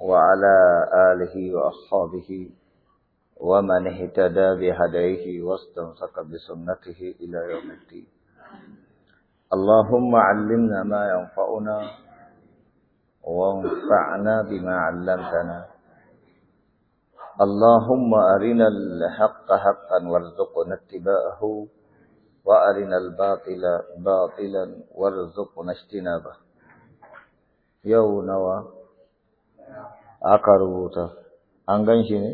وعلى آله وأصحابه ومن اهتدى بهديه واستمسك بسنته إلى يوم الدين اللهم علمنا ما ينفعنا وانفعنا بما علمتنا اللهم أرنا الحق حقا وارزقنا اتباعه وأرنا الباطل باطلا وارزقنا اجتنابه يوم نوى aka rubuta an gan shi ne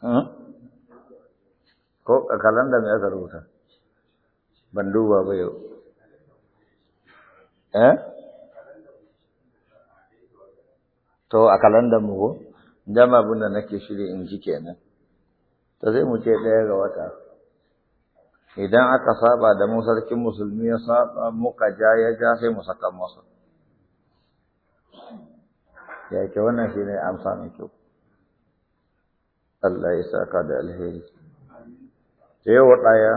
hmm? ko a kalanda mai aka rubuta ban duba ba yau eh to a kalanda mu ko jama abin da nake shirya in ji kenan Ta sai mu ce ɗaya ga wata idan aka saba da mu sarkin musulmi ya saba muka ja ya ja sai mu saka masa ya wannan shi ne amsa mai kyau Allah ya saka da alheri ta yau ɗaya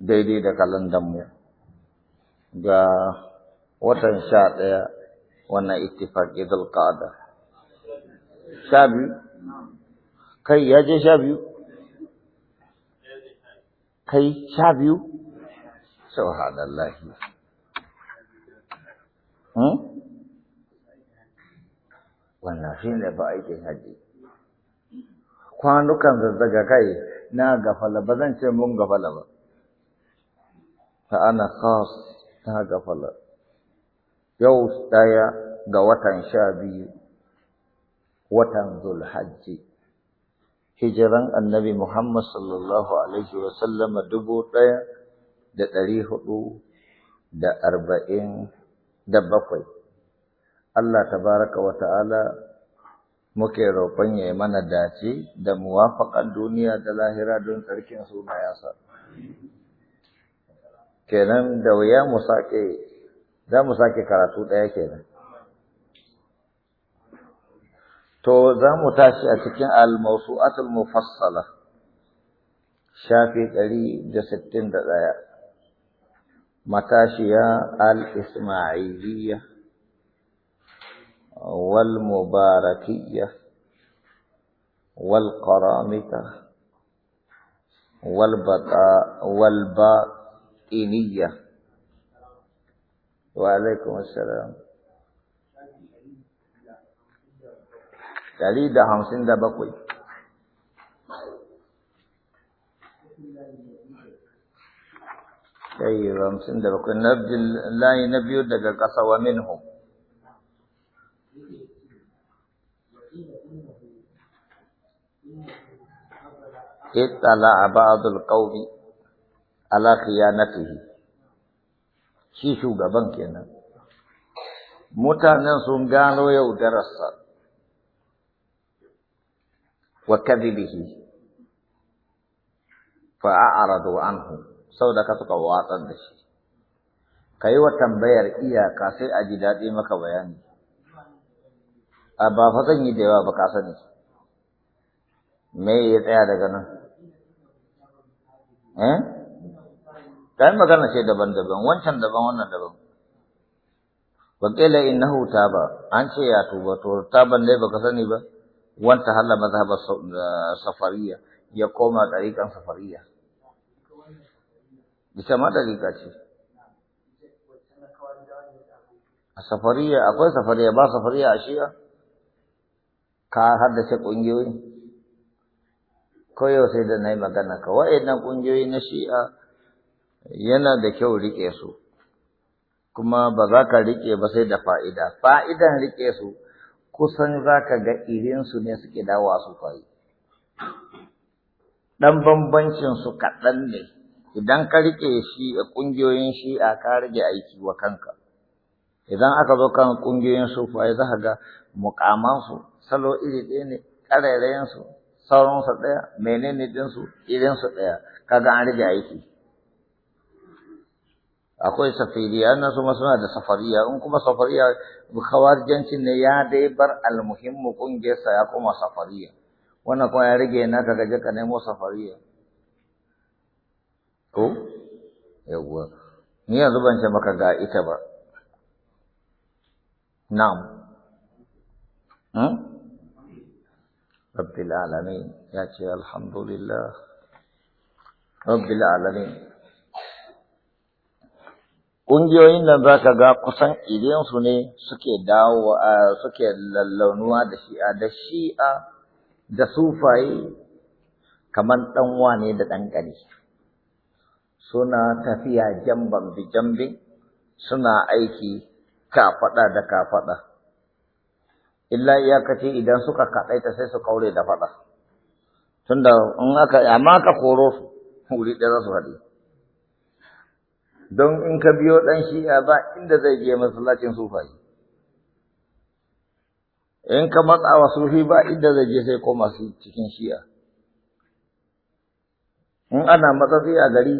daidai da kalandan mu ga watan sha ɗaya wannan ittifaƙi zulƙada sha biyu kai ya je sha biyu kai sha biyu subhanallahi hmm? wannan shi ne ba aikin haji kwanukan zazzaga kai na gafala ba zan ce mun gafala ba ta ana khas ta gafala yau daya ga watan sha biyu watan zulhajji hijiran annabi Muhammad sallallahu alaihi wa sallama dubu ɗaya da ɗari hudu da arba'in da bakwai Allah tabaraka wa ta'ala muke roƙon ya yi mana dace da muwafaƙar duniya da lahira don tsarkin sunayensa. Kenan da wuya mu sake, za mu sake karatu ɗaya kenan. To za mu tashi a cikin atal mu mufassala shafi ɗari da sittin da ɗaya matashiya al-ismailiyya والمباركية والقرامطة والبطاء والباطنية وعليكم السلام قال ده خمسين ده بقوي أي طيب، خمسين ده بقوي نبي لا نبي دك قصوا منهم ittala ba'dul qawmi ala khiyanatihi shi shugaban kenan mutanen sun gano yaudararsa wa kadhibihi fa'aradu anhu saboda ka suka watsar da shi kai wa tambayar iyaka sai a ji daɗi maka bayani a ba fa zan yi da yawa ba ka sani me ya tsaya daga nan eh kai magana ce daban-daban wancan daban wannan daban qila innahu taba an ce ya tuba to taban dai baka sani ba wanta halla mazhabar eh, safariya ya koma tarikan safariya bisa ma ɗariƙa ce a safariya akwai safariya ba safariya a shiya ka haddace ƙungiyoyi koyo sai da nayi magana ka wa'annan kungiyoyi na shi'a yana da kyau rike su kuma ba za ka rike ba sai da fa'ida fa'idan rike su kusan za ka ga irin su ne suke dawa su fa'i dan bambancin su kaɗan ne idan ka rike shi a kungiyoyin shi'a ka rage aiki wa kanka idan aka zo kan kungiyoyin sufaye za ka ga mukamansu salo iri ɗaya ne ƙarairayensu sauransa ɗaya menene ɗinsu irinsu ɗaya kaga an rage aiki akwai safiriya na su suna da safariya in kuma safariya jancin ne ya dai bar almuhimmu ƙungiyarsa ya koma safariya wannan kuma ya rage na kaga jaka nemo safariya ko yawwa ni yanzu ban ce maka ga ita ba na'am hmm? رب العالمين يا شيء الحمد لله ƙungiyoyin nan za ka ga kusan su ne suke dawo suke lallaunuwa da shi'a da shi'a da sufaye kamar ɗanwa ne da ɗan ƙari suna tafiya jamban bi jambin suna aiki kafaɗa da kafaɗa illa iyakaci idan suka ta sai su kaure da faɗa tunda in aka amma ka koro su wuri ɗaya za su don in ka biyo ɗan shi'a ba inda zai je masallacin sufayi in ka matsa wa sufi ba inda zai je sai koma su cikin shi'a in ana matsatsi a gari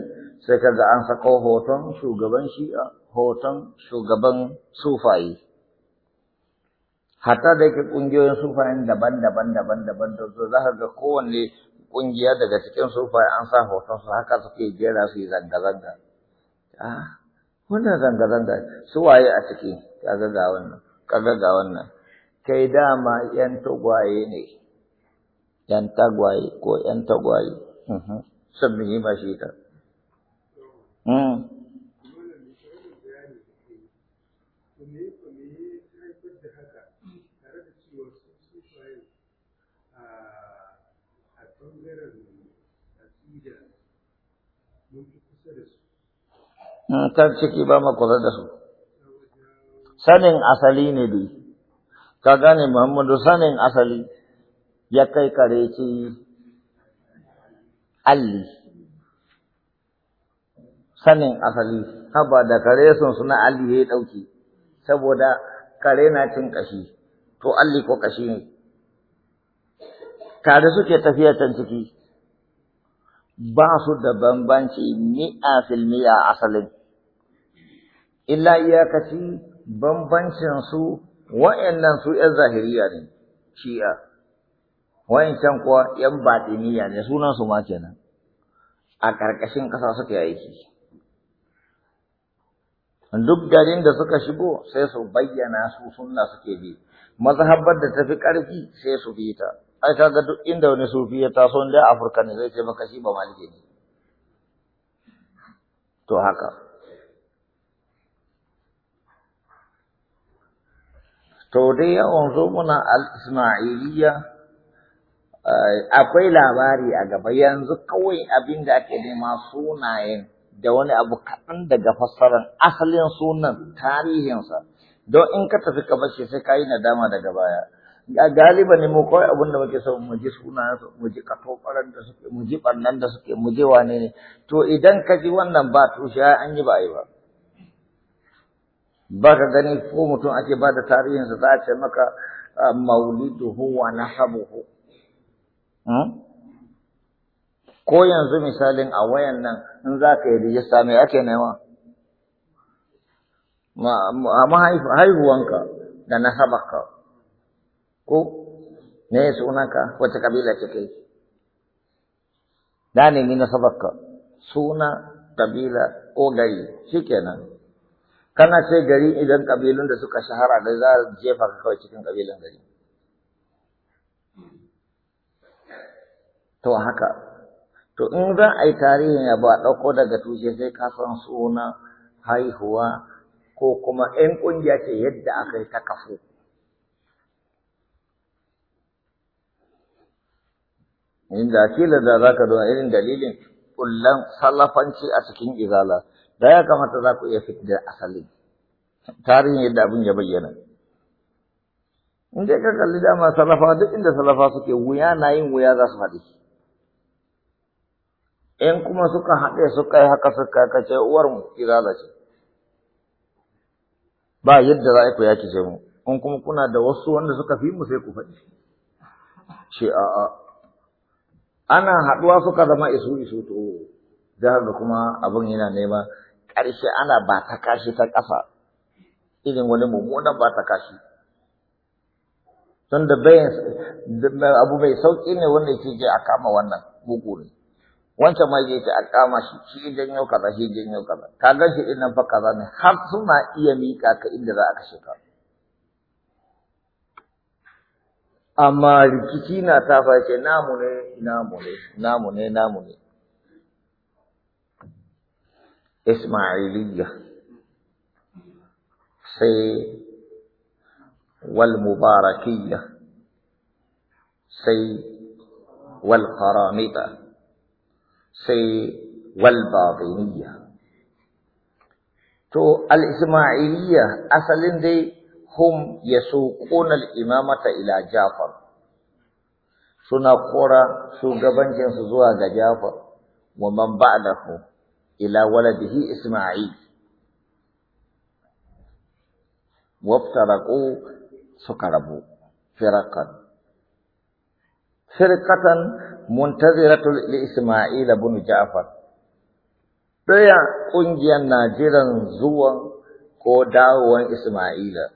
sai kaga an sako hoton shugaban shi'a hoton shugaban sufayi hatta da yake ƙungiyoyin sufayen daban-daban daban-daban da su za ka ga kowanne ƙungiya daga cikin sufaye an sa hoton su haka suke jera su yi zanga-zanga a ah, wannan zanga-zanga su waye a ciki kaga ga wannan kaga ga wannan kai dama yan tagwaye ne yan tagwaye ko yan tagwaye mhm, sun yi ta kar ciki ba ma kula da su sanin asali ne dai ka gane muhammadu sanin asali ya kai kare ci alli sanin asali haba da kare sun suna alli ya ɗauki saboda kare na cin ƙashi to alli ko ƙashi ne tare suke tafiya can ciki ba su da bambanci mi'a fil mi'a asalin illa iyakaci bambancin su wa'annan su ƴan zahiriya ne, shi'a, wa'ancan kuwa ƴan batiniya ne sunan su ma kenan, a ƙarƙashin ƙasa suka aiki. Duk garin da suka shigo sai su bayyana su sunna suke bi, mazhabar da tafi ƙarfi sai su bi ta, ai kaga duk inda wani sufi ya taso da Afirka ne zai ce maka shi ba malike ne. To haka. To dai yawan zo muna al’isma’iliya eh, akwai labari a gaba yanzu kawai abin da ake nema sunayen da wani abu kaɗan daga fassarar asalin sunan tarihinsa don in ka tafi ka bashi sai ka yi nadama daga baya. Ga galiba ne mu kawai abin da muke so mu ji sunayen mu ji katobaran da suke mu ji barnan da suke mu ji wane ne to idan ka ji wannan ba tushe an yi ba a yi ba. ba ka gani ko mutum ake ba da tarihinsa za a ce maka ah, mauliduhu wa nasabuhu hmm? ko yanzu misalin a wayan nan in za ka yi rijista mai ake nema mahaifuwanka da nasabarka ko ne sunanka wace kabila ce kai da nemi nasabarka suna kabila ko gari shi kenan kana sai gari idan kabilun da suka shahara da za a jefa ka kawai cikin kabilan gari to haka to in za a yi tarihin ya ba ɗauko daga tushe sai ka san suna haihuwa ko kuma ‘yan ƙungiya ce yadda aka yi ta kafu inda kila da za ka zo irin dalilin ƙullan salafanci a cikin izala da ya kamata za ku iya fitar asali tarihin yadda abin ya bayyana in dai ka kalli dama salafa duk inda salafa suke wuya na yin wuya za su haɗe in kuma suka haɗe suka yi haka suka kace uwar mu izala ce ba yadda za ku yaki ce mu in kuma kuna da wasu wanda suka fi mu sai ku faɗi ce a'a ana haɗuwa suka zama isu isu to da haka kuma abin yana nema ƙarshe ana ba ta kashi ta ƙafa irin wani mummunan ba ta kashi Tun da abu mai sauƙi ne wanda ke je a kama wannan bugu ne wancan ma yake a kama shi shi janyo kaza shi janyo kaza ka gan shi ɗin nan fa kaza ne har suna iya miƙa ka inda za a kashe ka amma rikici na ta fashe namu ne namu ne namu ne namu ne Ismailiyya sai wal mubarakiyya sai wal qaramita sai wal batiniyya to al ismailiyya asalin dai hum yasuquna al imamata ila jafar suna kora shugabancinsu zuwa ga jafar wa man ba'dahu ila waladihi Isma'il wabtaraqu suka rabu firkatan firqatan muntaziratul li Isma'il ibn Ja'far daya kungiyar Najiran zuwan ko dawowan Isma'ila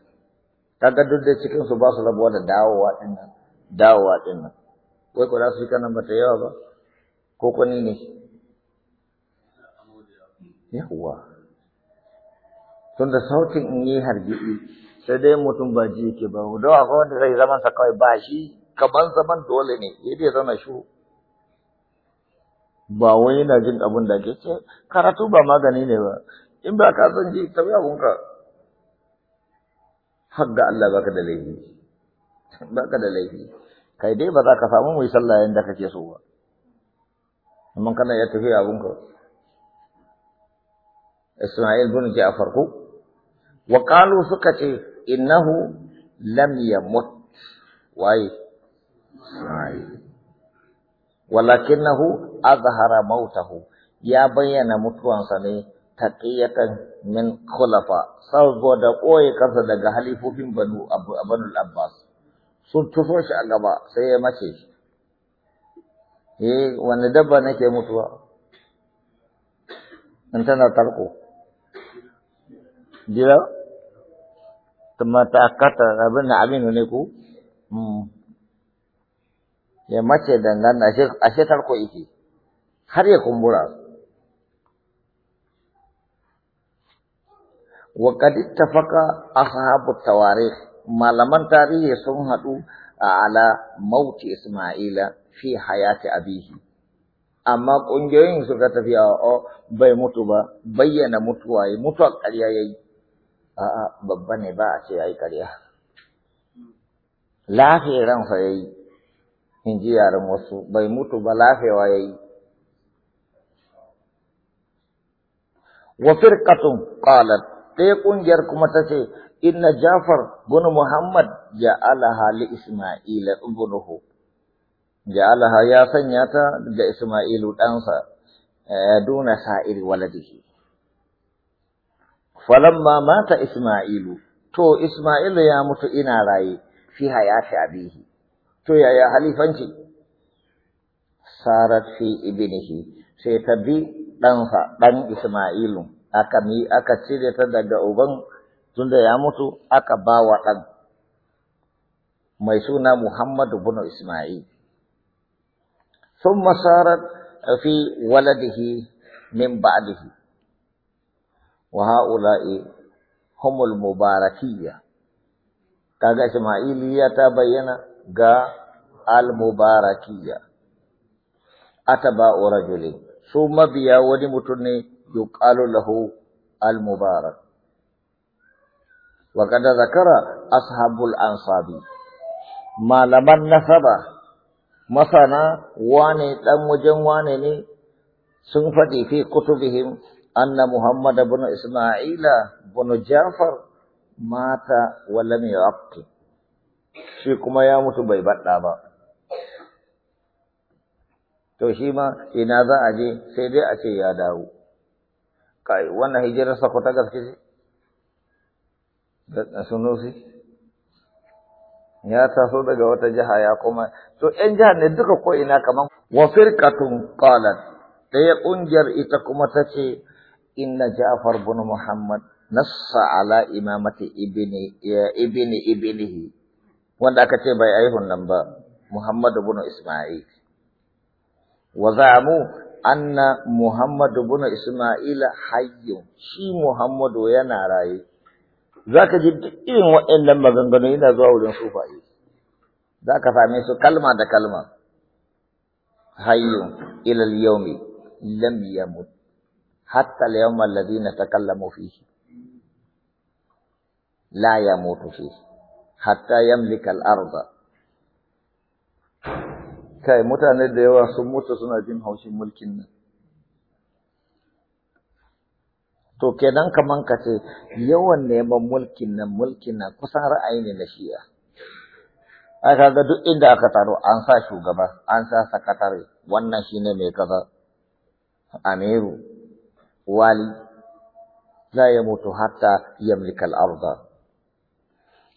kaga duk da cikin su ba su rabuwa da dawowa dinnan dawowa dinnan wai ko da su yi kanan bata yawa ba ko ko ne yawwa tunda sautin in yi hargitsi sai dai mutum ba ji yake ba don akwai wanda zai zaman sa kawai ba shi kaman zaman dole ne ya dai zama shi ba wai yana jin abin da ke ce karatu ba magani ne ba in ba ka san ji tabi abunka har ga Allah baka da laifi baka da laifi kai dai ba za ka samu mai sallah yanda kake so ba amma kana ya tafi abunka Ismail bin Ja'far ko wa qalu suka ce innahu lam yamut waye sai walakinahu azhara mautahu ya bayyana mutuwansa ne taqiyatan min khulafa saboda koyi kansa daga halifofin banu abanu abbas sun tufo shi a gaba sai ya mace shi eh wani dabba nake mutuwa in tarko jira mata kata abin abin ne ku ya mace dangana ashe tarko ike har ya kumbura وقد اتفق أصحاب التواريخ malaman tarihi sun haɗu a ala mauti Ismaila fi hayati abihi amma ƙungiyoyin suka tafi a bai mutu ba bayyana mutuwa ya mutuwa ƙarya yayi a'a babba ne ba a ce ya yi ƙarya lafiyaran fa ya yi in ji yaren wasu bai mutu ba lafiyawa ya yi wa firqatun qalat ɗaya ƙungiyar kuma ta ce inna jafar bin muhammad ja'alaha li isma'ila ibnuhu ja'alaha ya sanya ta ga isma'ilu ɗansa eh, duna sa'iri waladihi falamma mata Isma'ilu to Isma'ilu ya mutu ina raye fi hayati abihi to yaya halifanci sarat fi ibnihi sai ta bi ɗansa ɗan Isma'ilu aka mi aka cire ta daga uban tunda ya mutu aka ba wa ɗan mai suna Muhammadu bin Isma'il sun صارت fi waladihi min ba'dihi wa ha'ula'i humul mubarakiyya kaga Isma'iliya ta bayyana ga al-mubarakiyya ataba rajulin su mabiya wani mutum ne yuqalu lahu al-mubarak wa kad zakara ashabul ansabi malaman nasaba masana wane dan wajen wane ne sun faɗi fi kutubihim Anna Muhammad محمد Isma'il إسماعيل Jafar mata wa ولم يعقب shi kuma ya mutu bai baɗa ba. To shi ma ina za a je sai dai a ce ya dawo. Kai, wannan sa ko ta gaske ce? Da shi Ya taso daga wata jiha ya kuma, to ‘yan jiha ne duka ko ina kamar wa firqatun qalat ɗaya ƙungiyar ita kuma ta ce inna Ja'far bin Muhammad nassa ala imamati ibni ibni ibnihi wanda aka ce bai aihun nan ba Muhammad bin Isma'il wa za'amu anna Muhammad bin Isma'il hayyun shi Muhammadu yana raye zaka ji duk irin waɗannan maganganu yana zuwa wurin sufaye zaka same su kalma da kalma hayyun ilal yaumi lam yamut hatta al-yawma alladhina takallamu fihi la yamutu fihi hatta yamlika al kai mutane da yawa sun mutu suna jin haushin mulkin nan to kenan kaman ka ce yawan neman mulkin nan mulkin nan kusan ra'ayi ne na shi'a A kaga duk inda aka taro an sa shugaba an sa sakatare wannan shine mai kaza amiru والي لا يموت حتى يملك الأرض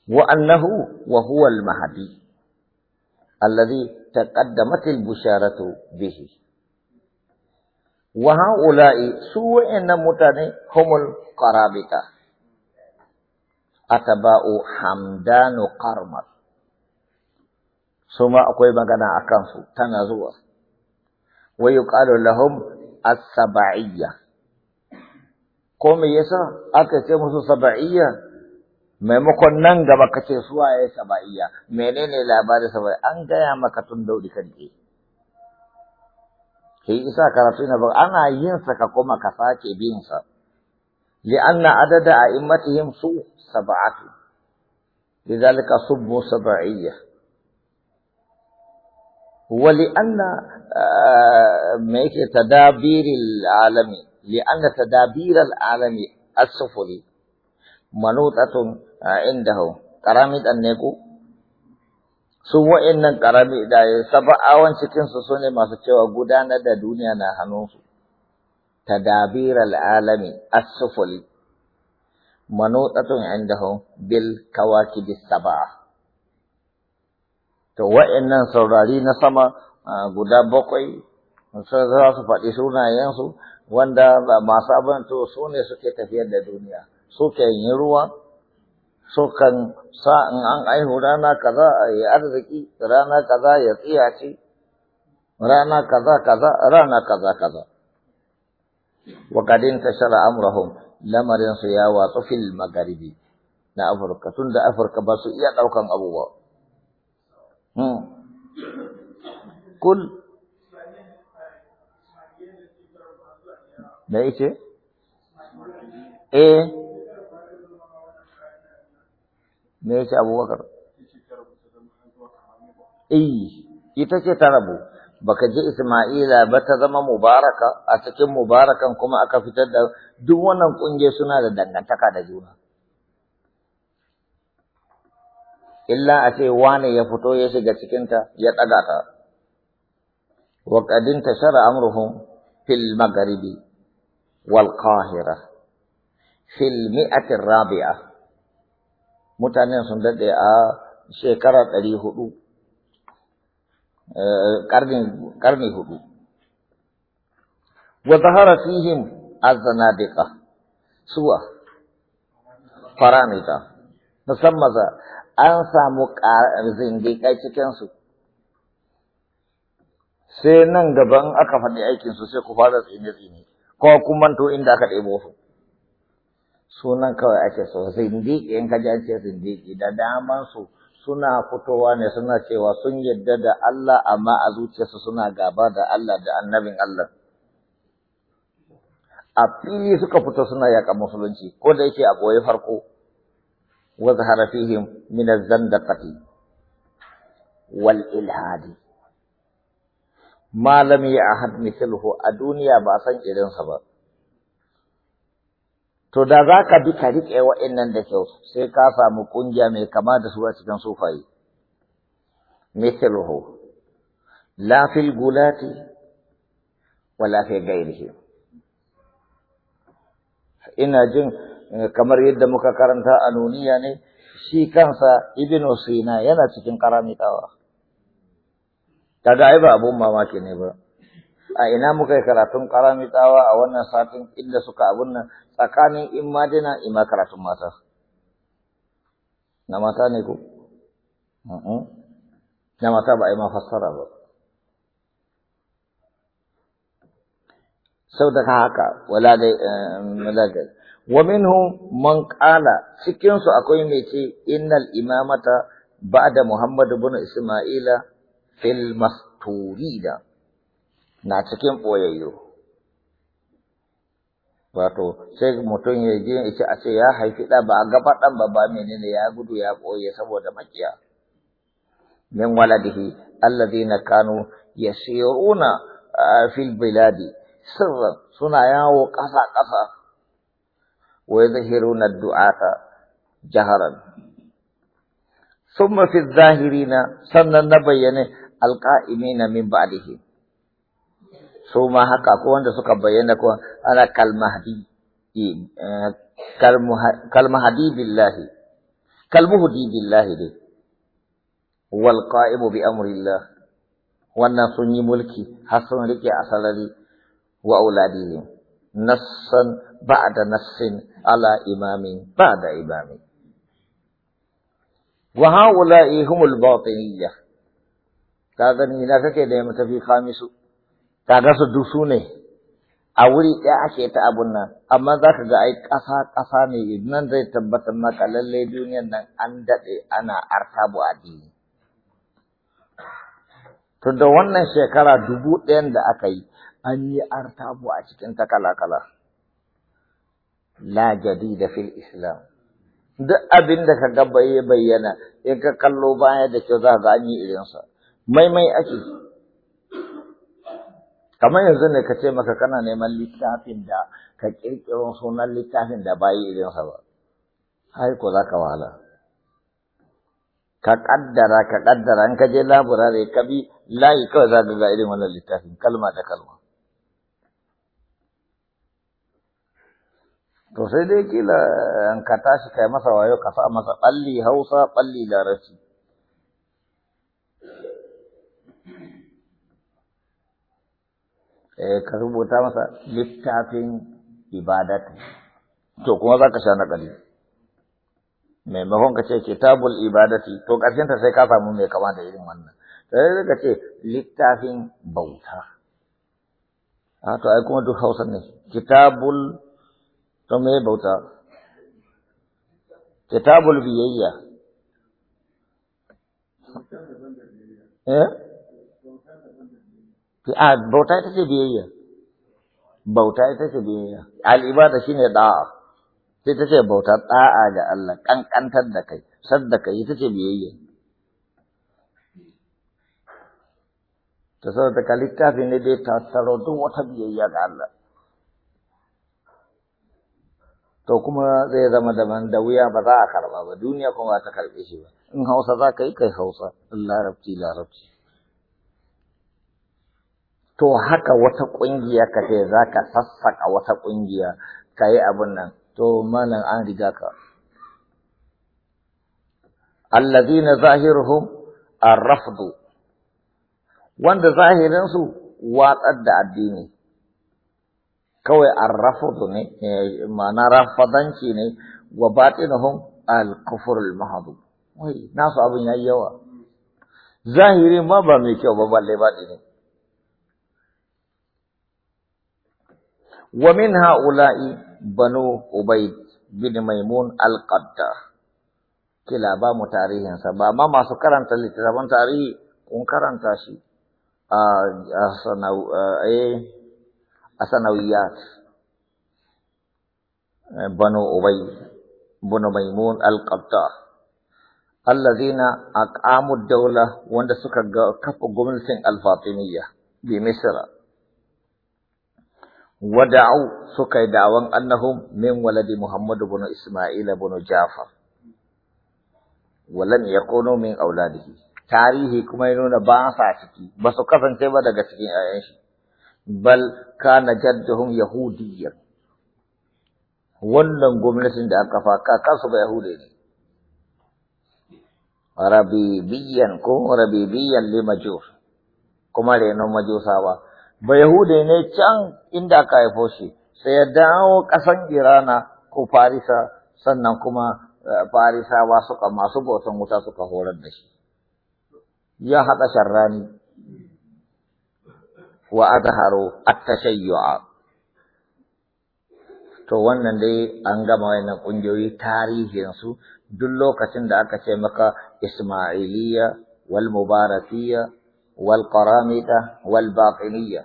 وأنه وهو المهدي الذي تقدمت البشارة به وهؤلاء سوء النمتن هم القرابطة أتباء حمدان قرمر ثم أقوي مغانا أكنسو تنزوه ويقال لهم السبعية ko me yasa aka ce musu saba'iyya maimakon nan gaba ka ce su waye saba'iyya menene labari saba'i an gaya maka tun dauri Ke shi isa karatu na ba ana yin sa ka koma ka sake bin sa anna adada a'immatihim su sab'atu lidhalika subbu sab'iyya ولأن eh, yake tadabiril alamin? لأن تدابير العالم السفلي منوطة عنده قرامد النيكو su wa'annan ƙarami da saba'awan cikin su sune masu cewa gudanar da duniya na hannunsu tadabir al'alami as-sufuli manutatun indahum bil kawakib as-sab'a to wa'annan saurari na sama guda bakwai sun za su faɗi sunayensu wanda masu abanto su ne suke tafiyar da duniya suke yin ruwa sukan sa in an aihu rana kaza a arziki rana kaza ya tsiyaci rana kaza kaza rana kaza kaza wa kadin tashara amrahum lamarin su ya watsu fil magaribi na afirka tun da afirka ba su iya ɗaukan abubuwa hmm. kul da yake? Eh, me yake abubakar? Eh, ita ce ta rabu, baka je Ismaila ba ta zama mubaraka, a cikin mubarakan kuma aka fitar da duk wannan ƙungiyar suna da dangantaka da juna. Illa a ce wane ya fito ya shiga cikinta ya tsaga ta, wa ta shara amruhum fil magharibi والقاهرة في المئة الرابعة mutane sun dade a shekara ɗari hudu, ƙarni hudu. Wa zahara fihim azzanadiqa suwa faramita musamman an samu zindiƙai cikinsu. Sai nan gaban aka faɗi aikinsu sai ku fara tsine-tsine. ko kuma to inda aka ɗebo su sunan kawai ake so zindiki in ka ji an ce zindiki da daman su suna fitowa ne suna cewa sun yadda da Allah amma a zuciyarsu suna gaba da Allah da annabin Allah a fili suka fito suna yaƙa musulunci ko da yake a goyi farko wa zahara fihim min az-zandaqati wal ilhadi malami ya ahad misalhu a duniya ba san irinsa ba to da za ka bi ka riƙe wa'annan da kyau sai ka samu ƙungiya mai kama da su a cikin sufayi misalhu la fil gulati wala fi gairihi. ina jin eh, kamar yadda muka karanta a nuniya ne shi kansa ibnu sina yana cikin karamitawa kaga ai ba abun mamaki ne ba a ina muka yi karatun karamitawa a wannan satin inda suka abun nan tsakanin in madina in ma karatun mata na mata ne ku? na mata ba a yi ma fassara ba sau da haka wala da eh, wa minhum man qala cikin su akwai mai ce innal imamata ba'da muhammad ibn isma'ila fil masturina na cikin ɓoyayyo wato sai mutum ya je ya ce a ce ya haifi ɗan ba a gaba ɗan ba ba menene ya gudu ya ɓoye saboda makiya min waladihi allazina kanu yasiruna fil biladi sirra suna yawo ƙasa ƙasa Wai wa yadhhiruna du'ata jaharan zahiri na sannan na bayyane. alqa'imina min ba'dihi so ma haka ko wanda suka bayyana ko ana kalmahdi kalmahdi billahi kalmuhdi billahi dai wal qa'imu bi amrillah wannan sun yi mulki har sun rike asalari wa auladihi nassan ba'da nassin ala imamin ba'da imamin wa ha'ula'i humul ka gani na kake da mu tafi khamisu ga su dusu ne a wuri ɗaya ake ta abun nan amma za ka ga ai ƙasa ƙasa ne nan zai tabbatar maka lallai duniyan nan an daɗe ana artabu addini to da wannan shekara dubu ɗayan da aka yi an yi artabu a cikin ta kala-kala la jadida fil islam duk abin da ka ga bayyana in ka kallo baya da kyau za ka ga an yi irinsa maimai ake kamar yanzu ne ka ce maka kana neman littafin da ka kirkiro sunan littafin da bayi irinsa ba har ko za ka wahala ka kaddara ka kaddara in ka je laburare ka bi layi kawai za ka ga irin wannan littafin kalma da kalma to sai dai kila eh, in ka tashi kai masa wayo ka sa masa ɓalli hausa balli larabci Eh, ka rubuta masa littafin ibadat to kuma za ka sha naƙali maimakon ka ce kitabul ibadati to ƙarshen ta sai ka samu mai kama da irin wannan sai ka ce littafin bauta a ah, to ai kuma duk hausa ne kitabul to me bauta kitabul biyayya eh a ah, bauta ita ce biyayya bauta ita ce biyayya al'ibada shine da'a sai ta ce bauta da'a ga Allah kankantar da kai saddaka ita ce biyayya ta sauta da littafi ne dai tsaro duk wata biyayya ga Allah to kuma zai zama daban da wuya ba za a karba ba duniya kuma ba ta karbe shi ba in hausa za ka yi kai hausa larabci larabci to haka wata ƙungiya ka ce za ka sassaƙa wata ƙungiya ka yi abin nan to malam an riga ka allazina zahiruhum ar wanda zahirinsu watsar da addini kawai arrafdu ne ma'ana rafadanci ne wa batinuhum al-kufr wai nasu abin yayi yawa zahiri ma ba mai kyau ba balle ne. wa min ha'ula'i banu ubaid bin maimun al-qadda kila ba mu tarihinsa ba ma masu karanta littattafan tarihi kun karanta shi a sanawiyat banu ubay banu maimun al-qadda alladhina aqamu ad-dawla wanda suka kafa gwamnatin al-fatimiyya bi misra wada'u suka yi da'awan annahum min waladi Muhammadu bin Isma'il bin Ja'far walan yakunu min auladihi tarihi kuma ya nuna ba sa ciki ba su kasance ba daga cikin 'ya'yan shi bal kana jadduhum yahudiyyan wannan gwamnatin da aka fa kakansu ba yahude ne rabibiyan ko rabibiyan li kuma renon majusawa ba ne can inda aka haifo shi, sai ya dawo ƙasan Irana ko Farisa, sannan kuma eh, Farisa ba suka masu bautan wuta suka horar da shi. Ya haɗa sharrani wa azharu at-tashayyu'a. To wannan dai an gama wannan ƙungiyoyi tarihinsu duk lokacin da aka ce maka Isma'iliya, wal Mubarakiyya والقرامدة والباطنية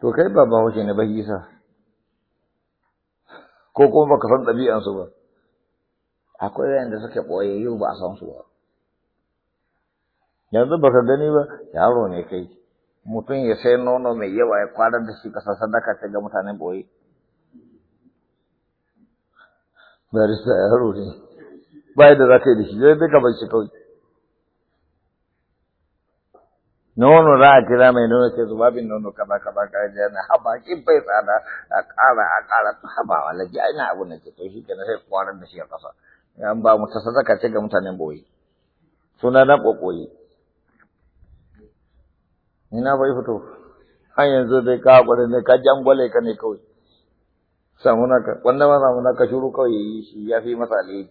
تو كيف بابا هو شيء نبهي سا كوكو بكسان تبي أن سوا أكو إذا عند سك يبوي يو بأسان سوا يا ده بكسان ده نيبا يا روني كي mutum ya sai nono mai yawa ya kwarar da shi kasa sadaka ta ga mutane boye barista haro ne ba da za ka yi da shi zai duka bai shi kawai nono za a kira mai nono ce zuba bin nono kaba kaba ka ya na haba kin bai tsada a ƙara a ƙara ta haba laji a ina abu na ke to shi ke sai kwarar da shi a ƙasa Yan ba mu ta sadaka ce ga mutanen boye suna na ƙoƙoyi ina bai fito An yanzu dai ka hakuri ne ka jangwale ka ne kawai samu naka wanda ma samu naka shuru kawai yi shi ya fi masa alheri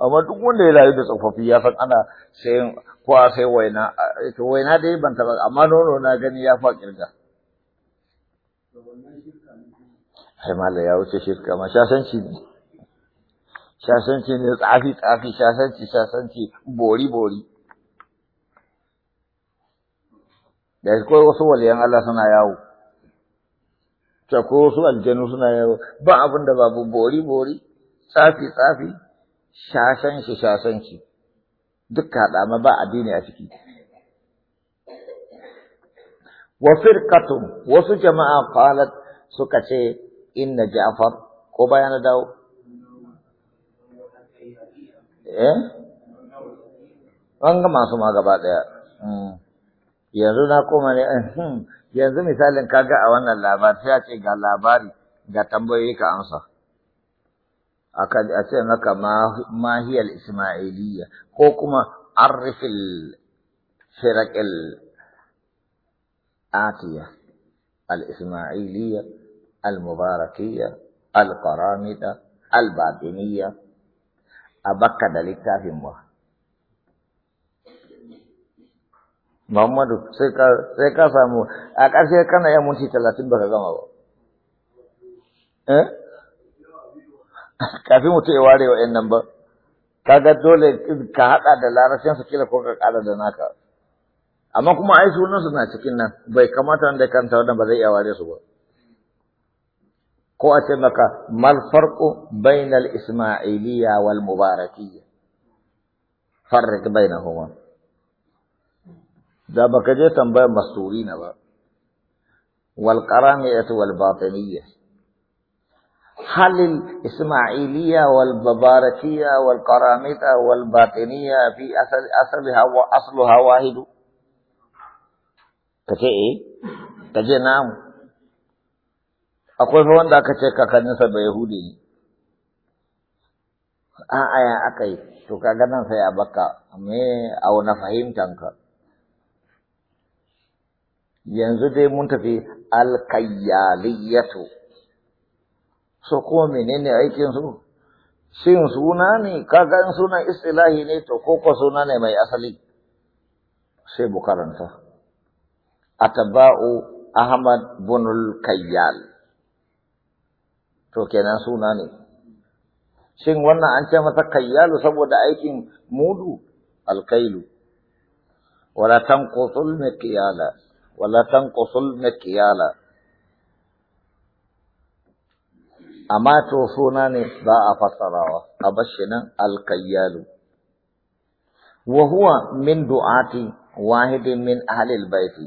amma duk wanda ya rayu da tsofaffi ya san ana sayan ko a sai waina to waina dai ban taɓa amma nono na gani ya fa kirga ai mallai ya wuce shirka ma shashanci ne shashanci ne tsafi tsafi shashanci shashanci bori bori da ko wasu waliyan Allah suna yawo ta ko wasu aljanu suna yawo ba abin da babu bori bori tsafi tsafi shashan shi shashan shi duk kaɗa ma ba addini a ciki wa firqatun wasu jama'a qalat suka ce inna Ja'far ko bayana dawo eh an ga masu ma gaba daya hmm. yanzu na koma ne yanzu misalin kaga a wannan labari sai a ce ga labari ga tambayoyi ka amsa aka a ce maka mahiyal ismailiyya ko kuma arifil shirakil atiya al ismailiya al mubarakiyya al qaramida al batiniyya a bakka da littafin mu Muhammadu sai ka samu a ƙarshe kana yan minti talatin baka gama ba. Eh? Kafin mutum ya ware wa'yan nan ba, ka ga dole ka haɗa da larashin su kila ko ka ƙara da naka. Amma kuma ai sunansu na cikin nan bai kamata wanda kanta wannan ba zai iya ware su ba. Ko a ce maka mal farko bainal Ismailiyya wal Mubarakiyya. Farrik bainahuma. da baka je tambayar masturi na ba wal qaramiyatu wal batiniyya hal isma'iliyya wal babarakiyya wal qaramita wal batiniyya fi asal asalha wa asluha wahid kace eh kace namu akwai fa wanda aka ce kakanninsa bai yahudi ne a'a ya aka to sai baka me au na fahimtanka yanzu dai mun tafi alkayyaliyatu so kuma menene aikin su shin suna ne kaga in suna istilahi ne to ko ko suna ne mai asali sai mu karanta ahmad bunul kayyal to kenan suna ne shin wannan an ce masa kayyalu saboda aikin mudu alkailu wala tanqutul miqyala ولا تنقص المكيال أما توفونا نسباء فصرا أبشنا القيال وهو من دعاتي واحد من أهل البيت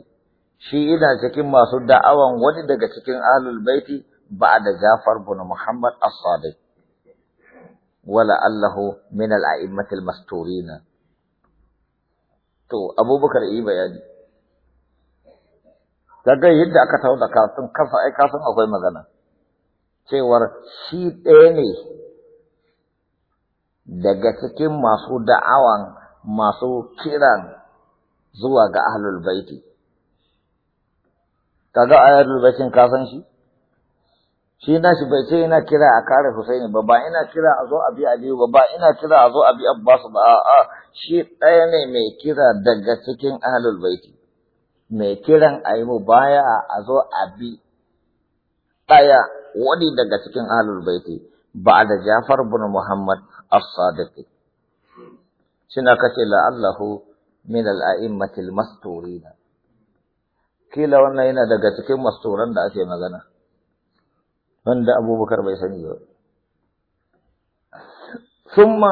شيء إذا cikin masu da'awan wani daga cikin أهل البيت بعد جعفر بن محمد الصادق ولعله من الأئمة المستورين تو أبو بكر إيه بياني kaga yadda aka tawo da kasan kafa ai kasan akwai magana cewar shi ɗaya ne daga cikin masu da'awan masu kiran zuwa ga ahlul baiti kaga ayatul baitin kasan shi shi na shi bai ce ina kira a kare Husaini ba ba ina kira a zo a bi Aliyu ba ba ina kira a zo a bi Abbas ba a'a shi ɗaya ne mai kira daga cikin ahlul baiti mai kiran a yi baya a zo a bi ɗaya wani daga cikin alul baiti ba da jafar bin muhammad as-sadiq ka ce, la'allahu min al-a'immati al-masturina kila wannan yana daga cikin masturan da ake magana wanda abubakar bai sani ba ثم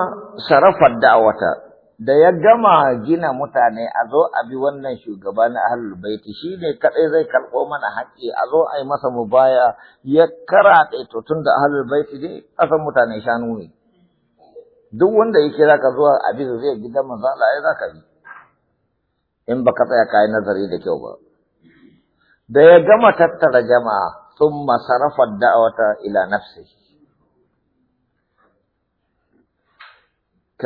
sarrafa da'awata da ya gama gina mutane a zo a bi wannan shugaba na ahlul baiti shi ne kaɗai zai karɓo mana haƙƙi a zo a yi masa mubaya ya karaɗe to tun da ahlul baiti ne asan mutane shanu ne duk wanda ya kira ka zuwa a bi zai gidan manzo Allah ai ka bi in ba ka tsaya kai nazari da kyau ba da ya gama tattara jama'a tsumma sarrafa da'wata ila nafsihi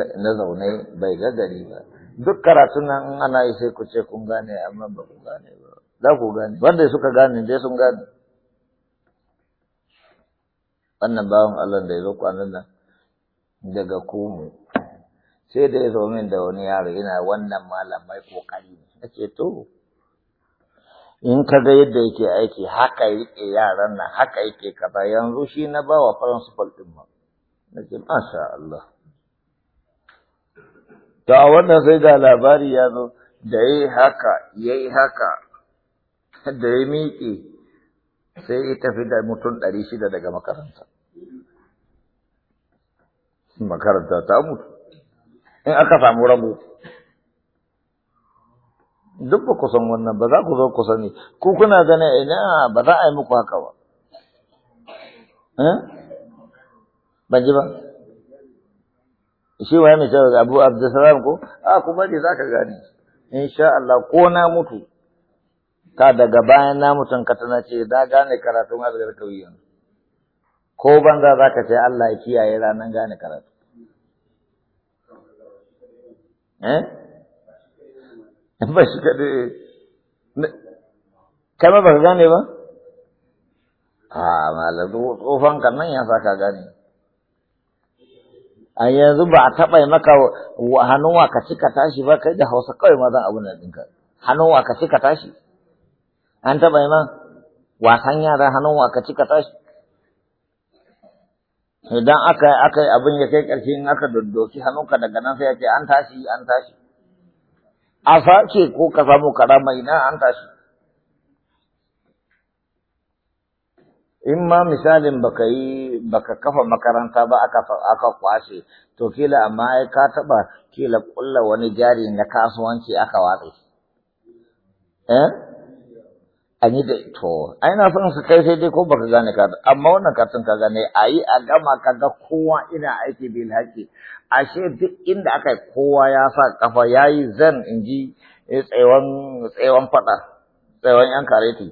na zaune bai ga gari ba duk karatu nan ana yi sai ku ce kun gane amma ba ku gane ba za ku gane wanda suka gane dai sun gane wannan bawan Allah da ya zo kwanan nan daga kumu sai da ya zo min da wani yaro yana wannan malamai kokari ne ake to in ka ga yadda yake aiki haka yake yaran nan haka yake kaza yanzu shi na bawa principal din ma ce masha Allah To a wannan sai ga labari ya zo da ya haka, ya haka, da ya miƙe sai ya tafi da mutum ɗari shida daga makaranta. Makaranta ta mutu, in aka samu rabu. Duk ba ku san wannan ba za ku zo ku sani, ku kuna ganin ina ba za a yi muku haka ba. Eh? Ban ji ba? shi wa mai cewa abu abdulsalam ko a kuma je za ka gane insha Allah ko na mutu ka daga bayan na mutun ka tana ce da gane karatu karatun daga kauyen ko banza za ka ce Allah ya kiyaye ranan gane karatu eh ba shi kadai kai ma ba ka gane ba a ah, malam tsofan kan nan ya sa ka gane a yanzu ba a taɓa maka hannuwa ka ci ka tashi ba kai da hausa kawai ma zan abu na ɗinka hannuwa ka ci ka tashi an taɓa yi ma wasan yara hannuwa ka ci ka tashi idan aka yi aka yi abin ya kai ƙarshe in aka doddoki hannunka daga nan sai ya ce an tashi an tashi a sace ko ka samu karama ina an tashi in ma misalin baka yi baka kafa makaranta ba aka aka kwashe to kila amma ai ka taba kila kulla wani jari na kasuwanci aka watsa eh ani da to ai na son su kai sai dai ko baka gane ka amma wannan katin ka gane ayi a gama kaga kowa ina aiki bil haki ashe duk inda aka kowa ya sa kafa yayi zan inji eh, tsayawan tsayawan fada tsayawan yan kareti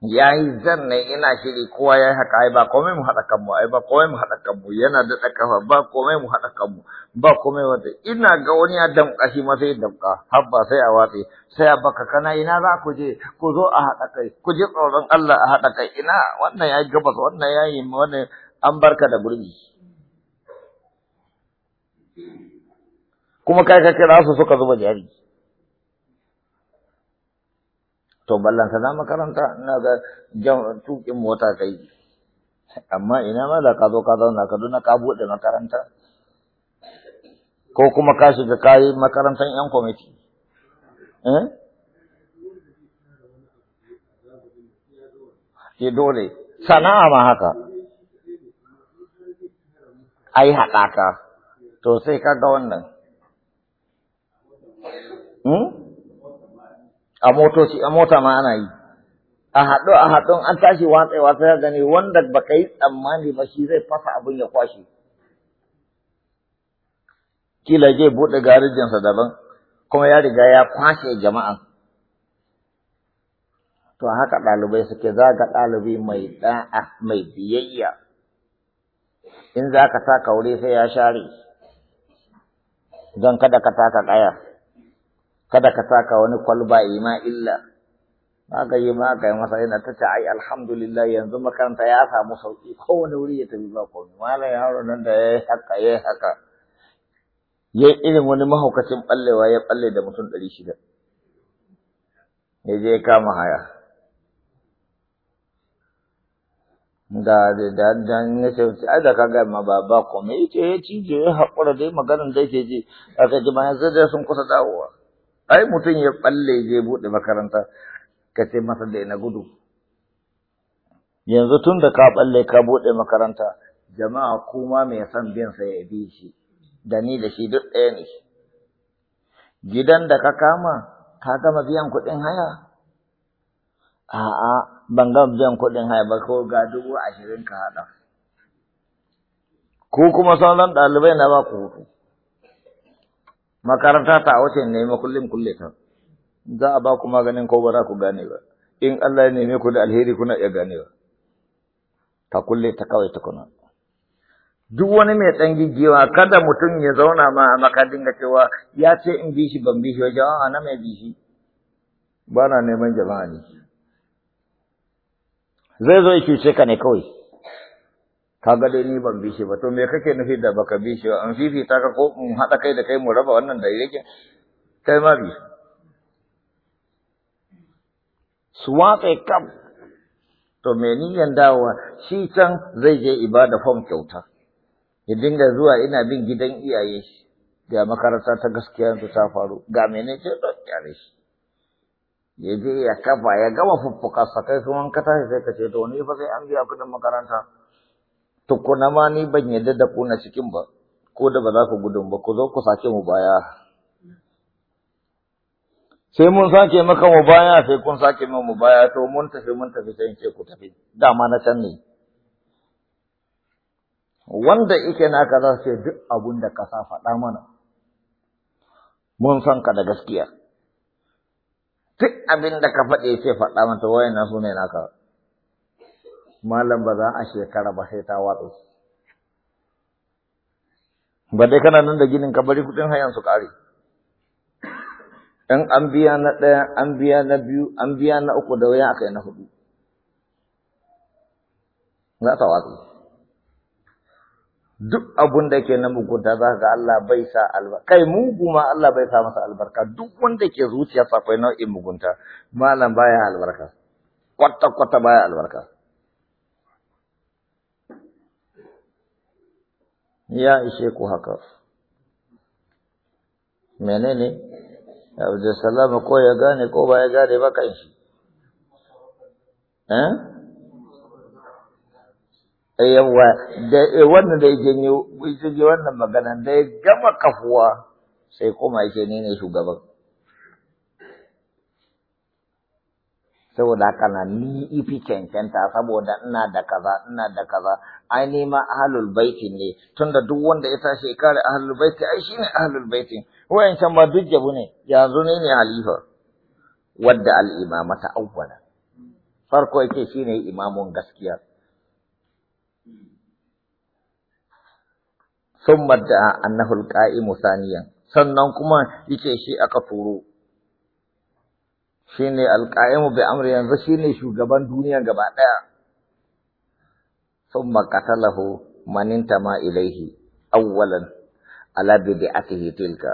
ya yi ne ina shiri kowa ya haka ai ba komai mu haɗa kanmu ai ba komai mu haɗa kanmu yana da kafa ba komai mu haɗa kanmu ba komai wata ina ga wani ya damƙa shi ma sai damƙa habba sai a watse sai a baka kana ina za ku je ku zo a haɗa kai ku je tsoron Allah a haɗa kai ina wannan ya yi gabas wannan ya yi wannan an barka da gurbi kuma kai ka kira su suka zuba jari to ballanta na makaranta ina ga tukin mota kai amma ina ma da ka zo ka zauna kaduna ka buɗe makaranta ko kuma ka shiga kayi makarantar yan kwamiti eh ke dole sana'a ma haka ai haɗaka to sai ka ga wannan hmm? a motoci a mota ma ana yi a haɗo a haɗo an tashi watsewa sai gani wanda baka yi tsammani ba shi zai fasa abin ya kwashe kila je buɗe garejinsa daban kuma ya riga ya kwashe jama'a to haka ɗalibai suke za ga ɗalibi mai ɗa'a mai biyayya in za ka sa kaure sai ya share don kada ka taka ƙayar. kada ka saka wani kwalba ima illa aka yi ma aka yi masa yana ta ce ai alhamdulillah yanzu makaranta ya samu sauki wani wuri ya tafi ba komai malam yaro nan da ya yi haka ya yi haka ya yi irin wani mahaukacin ballewa ya balle da mutum ɗari shida ya je ya kama haya da da da ne ce ai da ga ma ba ba komai yace ya cije ya hakura dai maganar da yake ji aka ji ma yanzu da sun kusa dawowa ai mutum ya balle je buɗe makaranta ka ce masa da na gudu yanzu tun da ka balle ka buɗe makaranta jama'a kuma mai san bin sa ya bi shi da ni da shi duk ɗaya ne gidan da ka kama ka gama biyan kuɗin haya a'a ban gama biyan kuɗin haya ba ko ga dubu ashirin ka haɗa ko kuma sauran ɗalibai na ba ku hutu makaranta ta wace nema kullum kulle ta za a ba ku maganin ko ba za ku gane ba in Allah ya neme ku da alheri kuna iya ganewa ta kulle ta kawai ta kuna duk wani mai dan gigiwa kada mutum ya zauna ma a makadin dinga cewa ya ce in bi shi ban bi shi wajen a na mai bi shi ba na neman jama'a ne zai zo ya cuce ka ne kawai kaga dai ni ban bi shi ba to me kake nufi da baka bi shi ba an fifita ka ko in haɗa kai da kai mu raba wannan da yake kai ma bi su watsa kam to me niyan dawowa shi can zai je ibada fom kyauta ya dinga zuwa ina bin gidan iyaye shi ga makaranta ta gaskiya yanzu ta faru ga mene ce don kyale shi ya je ya kafa ya gama fuffuka sakai kuma ka tashi sai ka ce to ni fa sai an biya kuɗin makaranta tukuna ma ni ban yadda da ku na cikin ba ko da ba za ku gudun ba ku zo ku sake mu baya sai mun sake maka mu baya sai kun sake mu mu baya to mun tafi mun tafi sai ce ku tafi dama na can ne wanda na naka za su duk abun da ka sa faɗa mana mun san ka da gaskiya duk abin da ka faɗe sai faɗa mata wayan nan su ne naka malam ba za a shekara ba sai ta watsa su. ba dai kana nan da ginin ka bari kudin hayan su kare in an biya na ɗaya an biya na biyu an biya na uku da waya aka yi na hudu za ta watsa. duk abun da ke na mugunta za ga Allah bai sa albarka kai mu kuma Allah bai sa masa albarka duk wanda ke zuciya akwai nau'in mugunta malam baya albarka kwata kwata baya albarka ya ishe ku haka menene abdul salam ko ya gane ko ba ya gane ba kan shi eh, eh yawa da eh, wannan da yake yi wannan magana da ya gama kafuwa sai kuma yake ne ne shugaban saboda haka na ni ifi cancanta saboda ina da kaza ina da kaza ai ni ma ahlul baiti ne tunda duk wanda ya tashi ya kare ahlul baiti ai shine ahlul baiti wayan can ba duk jabu ne yanzu ne ne halifa wadda al ta awwala farko yake shine imamun gaskiya ثم da أنه qa'imu saniyan sannan kuma yake shi aka turo shine alqaimu bi amri yanzu shine shugaban duniya gaba daya thumma qatalahu man intama ilaihi awwalan ala bid'atihi tilka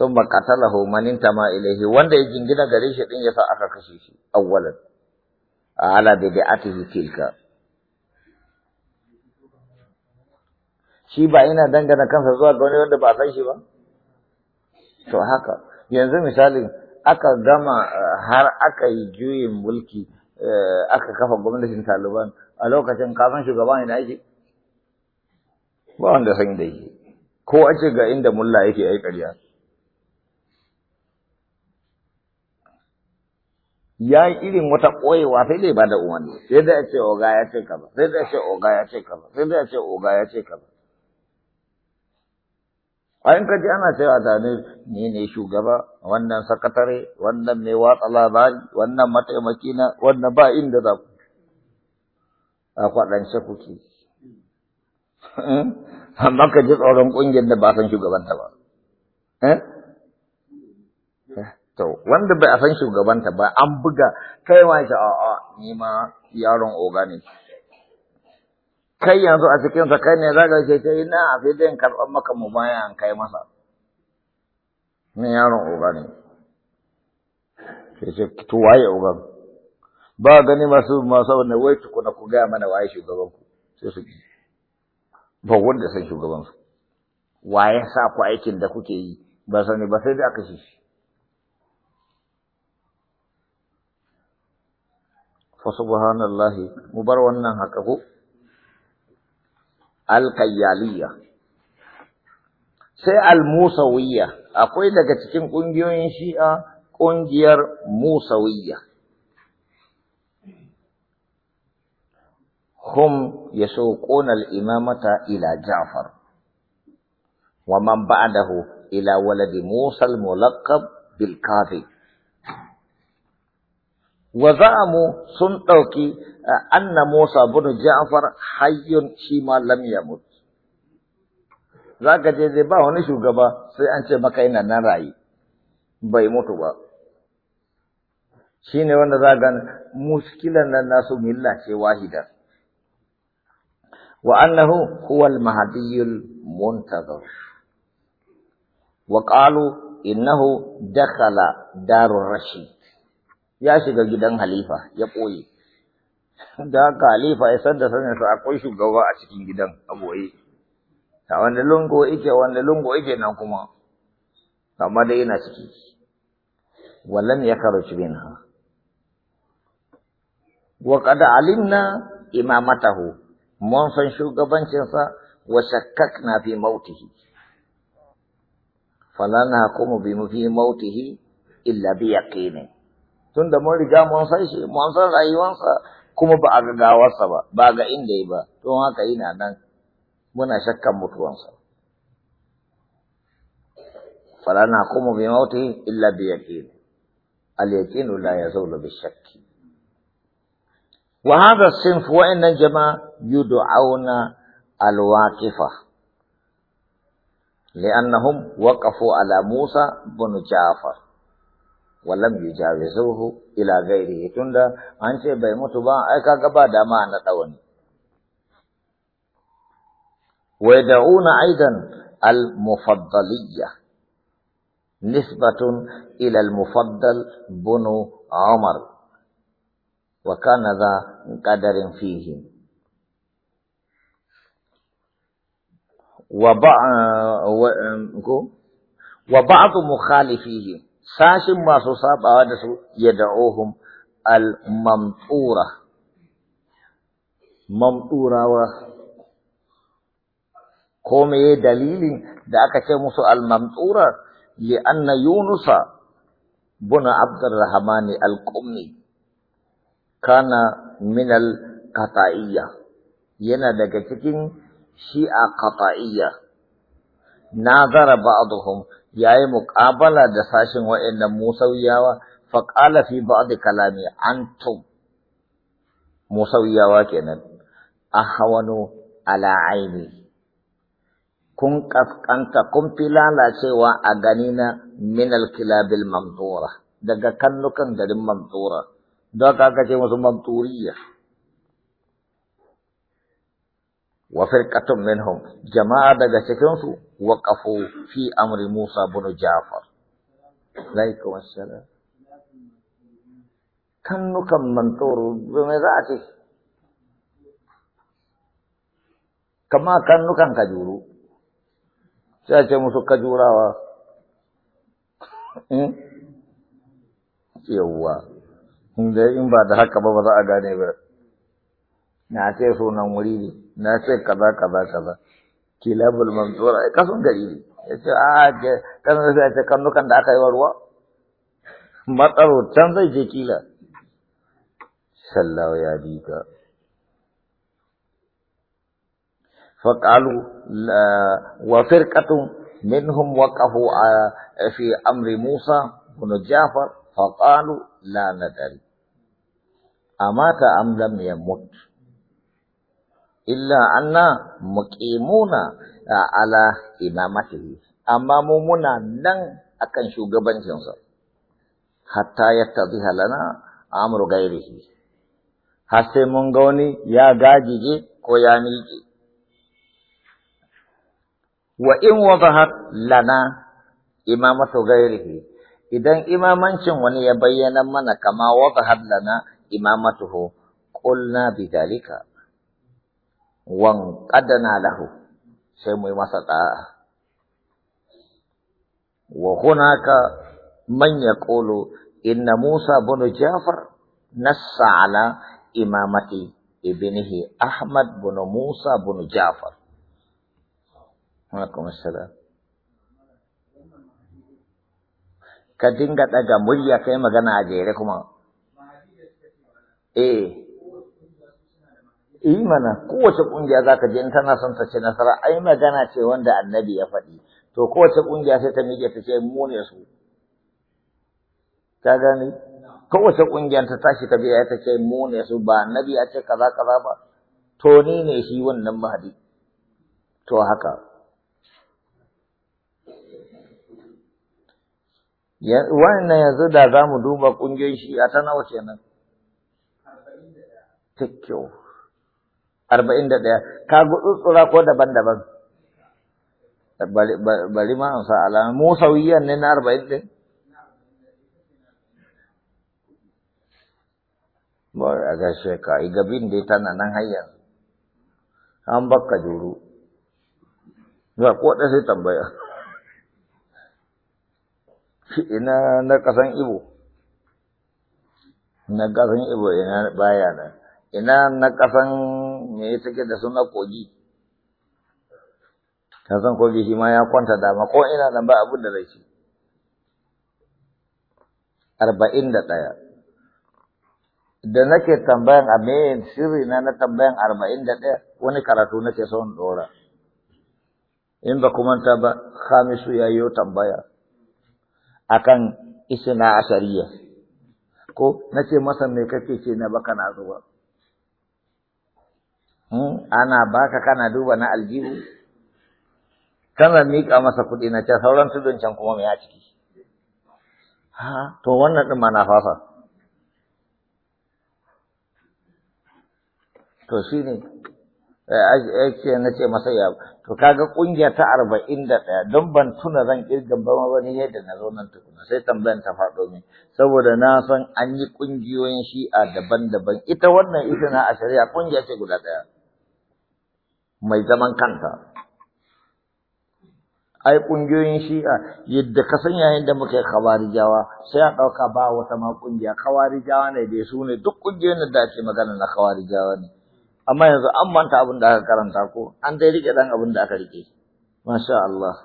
thumma qatalahu man intama ilaihi wanda ya jingina gare shi din yasa aka kashe shi awwalan ala bid'atihi tilka shi ba ina dangana kansa zuwa ga wani wanda ba san shi ba to haka yanzu misali. aka gama eh, har aka yi juyin mulki eh, aka kafa gwamnatin taliban a lokacin kafin shugaba ne na yake ba wanda san da yake ko a ce ga inda mulla yake ai ƙarya ya yi irin wata ɓoyewa sai dai ba da umarni sai dai a ce oga ya ce kaza sai dai a ce oga ya ce kaza sai dai a ce oga ya ce kaza a in kaji ana cewa da ni ne shugaba wannan sakatare wannan mai watsa labari wannan mataimaki na wannan ba inda za ku a kwaɗance kuke eh? amma ka ji tsoron ƙungiyar da ba san shugabanta ba eh? Eh, to wanda bai a san shugabanta ba an buga kai ma a a'a ni ma yaron oga ne kai yanzu a cikin sa kai ne zaka ce ce ina a fi dai karɓar maka mu baya an kai masa ne yaron uga ne sai ce to waye uga ba gani masu masu wanda wai tukuna ku ga mana waye shugaban ku sai su ba wanda san shugaban su waye sa ku aikin da kuke yi ba sani ba sai da aka shi fa subhanallahi mu bar wannan haka ko alkayyaliya sai almusawiya akwai daga cikin ƙungiyoyin shi'a ƙungiyar musawiya hum yasuquna al-imamata ila Ja'far wa man ba'dahu ila waladi Musa al-mulaqab bil-Kadhib wa za'amu sun ɗauki anna Musa bin Ja'far hayyun shi ma lam yamut zaka je zai ba wani shugaba sai an ce maka ina nan rayi bai mutu ba shine wanda za ga muskilan nan nasu milla ce wahida wa annahu huwa al mahdiyul muntazir wa qalu innahu dakhala darur rashid ya shiga gidan halifa ya ɓoye da haka halifa ya sanda da sanin sa akwai shugaba a cikin gidan a ɓoye ta wanda lungo ike wanda lungo ike nan kuma amma dai yana ciki walam ya bin ha wa kada alimna imamatahu mun san shugabancinsa wa shakkakna fi mautihi Falana kuma bi fi mautihi illa bi yaqinin Tunda mun riga mun san shi mun san rayuwansa kuma ba a ga gawarsa ba ba ga inda yi ba don haka ina nan muna shakkan mutuwansa fala na kuma bi mauti illa bi yaqin al yaqin la yazulu bi shakk wa hadha sinf wa inna jama'a yud'auna al waqifa annahum waqafu ala musa بن ja'far ولم يجاوزوه الى غيره تندى انت بيموت با اي كاكبا داما نتاوني ويدعون ايضا المفضلية نسبة الى المفضل بنو عمر وكان ذا قدر فيهم وبعض مخالفيهم sashin masu sabawa da su ya da'ohum al-mamtura mamturawa ko meye dalilin da aka ce musu al-mamtura li anna yunusa buna abdurrahmani al-qummi kana min al-qata'iyya yana daga cikin shi'a qata'iyya nazara ba'dhum ya yi muƙabala da sashin wa'annan musauyawa, faƙala fi da kalami antum musawiyawa kenan a ala aini kun ƙasƙanta kun fi lalacewa a ganina minal kilabil mamtura, daga kannukan garin mamtura, don ka ce musu mamzuriya وفرقة منهم جماعة بذكرهم وقفوا في أمر موسى بن جعفر عليكم السلام كم نكم من طور بمذاته كما كان نكم كجورو سأجي موسو كجورا و إيه؟ يوه هم ده إن بعدها كبابا أغاني بره ناتي سو نموري دي ناتي كذا كذا كذا كلا بالمنظور اي كسون غري دي اه كان زي كان كان دا كاي وروا مطر وتن كيلا صلى يا ديكا فقالوا وفرقة منهم وقفوا في أمر موسى بن جعفر فقالوا لا ندري أمات أم لم يمت illa anna muqimuna ala imamatihi amma mu muna nan akan sa hatta yattadhiha lana amru ghairihi har sai mun ga wani ya gajije ko ya miƙe wa in wadahat lana imamatu ghairihi idan imamancin wani ya bayyana mana kama wadahat lana imamatuhu qulna bidhalika wan na lahu sai mu yi masa da'a wa hunaka man inna Musa bin Ja'far nassa ala imamati ibnihi Ahmad bin Musa bin Ja'far ka dinga daga murya kai magana a jere kuma eh Iyi eh mana kowace ƙungiya za ka je in tana son ta ce nasara ai magana ce wanda annabi ya faɗi to kowace ƙungiya sai ta miƙe ta ce mu ne su ka gani kowace ƙungiya ta tashi ta biya ta ce mu ne su ba annabi ya ce kaza kaza ba to ni ne shi wannan mahadi to haka wannan yanzu da za mu duba ƙungiyoyin shi a ta nawa kenan kyau arba'in da ɗaya ka gutsutsura ko daban-daban bari ma an sa alama mu sauyiyan ne na arba'in ɗin ba a gashe ka yi gabin dai tana nan hanyar an baka juru za ko ɗan sai tambaya ina na ƙasan ibo na ƙasan ibo ina baya nan ina na kasan me take da suna kogi ta san kogi shi ma ya kwanta dama ko ina nan ba abin da zai ci arba'in da ɗaya da nake tambayan a me sirri na na tambayan arba'in da ɗaya wani karatu nake son ɗora in ba kuma ta ba hamisu ya yi tambaya akan isna asariya ko nace masa me kake ce na baka na zuwa Hmm? ana baka kana duba na aljihu kana miƙa masa kuɗi na can sauran tudun can kuma mai a ciki ha to wannan ɗin ma na fasa to shi ne eh, ake na ce masa ya to kaga ƙungiya ta arba'in da ɗaya don ban tuna zan ƙirga ba wani yadda na zo nan tukuna sai tambayan ta faɗo min saboda na san an yi ƙungiyoyin shi'a daban-daban ita wannan ita na a shari'a ƙungiya ce guda ɗaya mai zaman kanta ai ƙungiyoyin shi'a yadda ka san yayin da muka yi khawarijawa sai a ɗauka ba wata ma kungiya khawarijawa ne dai su ne duk kungiyoyin da ake magana na khawarijawa ne amma yanzu an manta abin da aka karanta ko an dai rike dan abin da aka rike masha Allah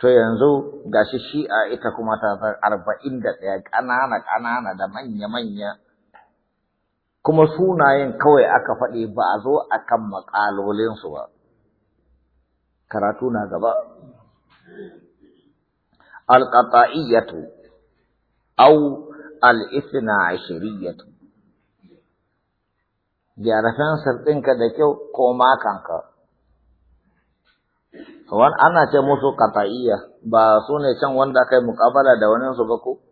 to yanzu gashi shi'a ita kuma ta arba'in da ɗaya ƙanana ƙanana da manya manya kuma sunayen kawai aka faɗi ba a zo a kan maƙalolinsu ba karatu na gaba alƙata'iyyatu au al’isina a gyara fensir ɗinka da kyau ko makanka wani ana ce musu kata'iyya ba su ne can wanda aka yi mukabala da waninsu ba ko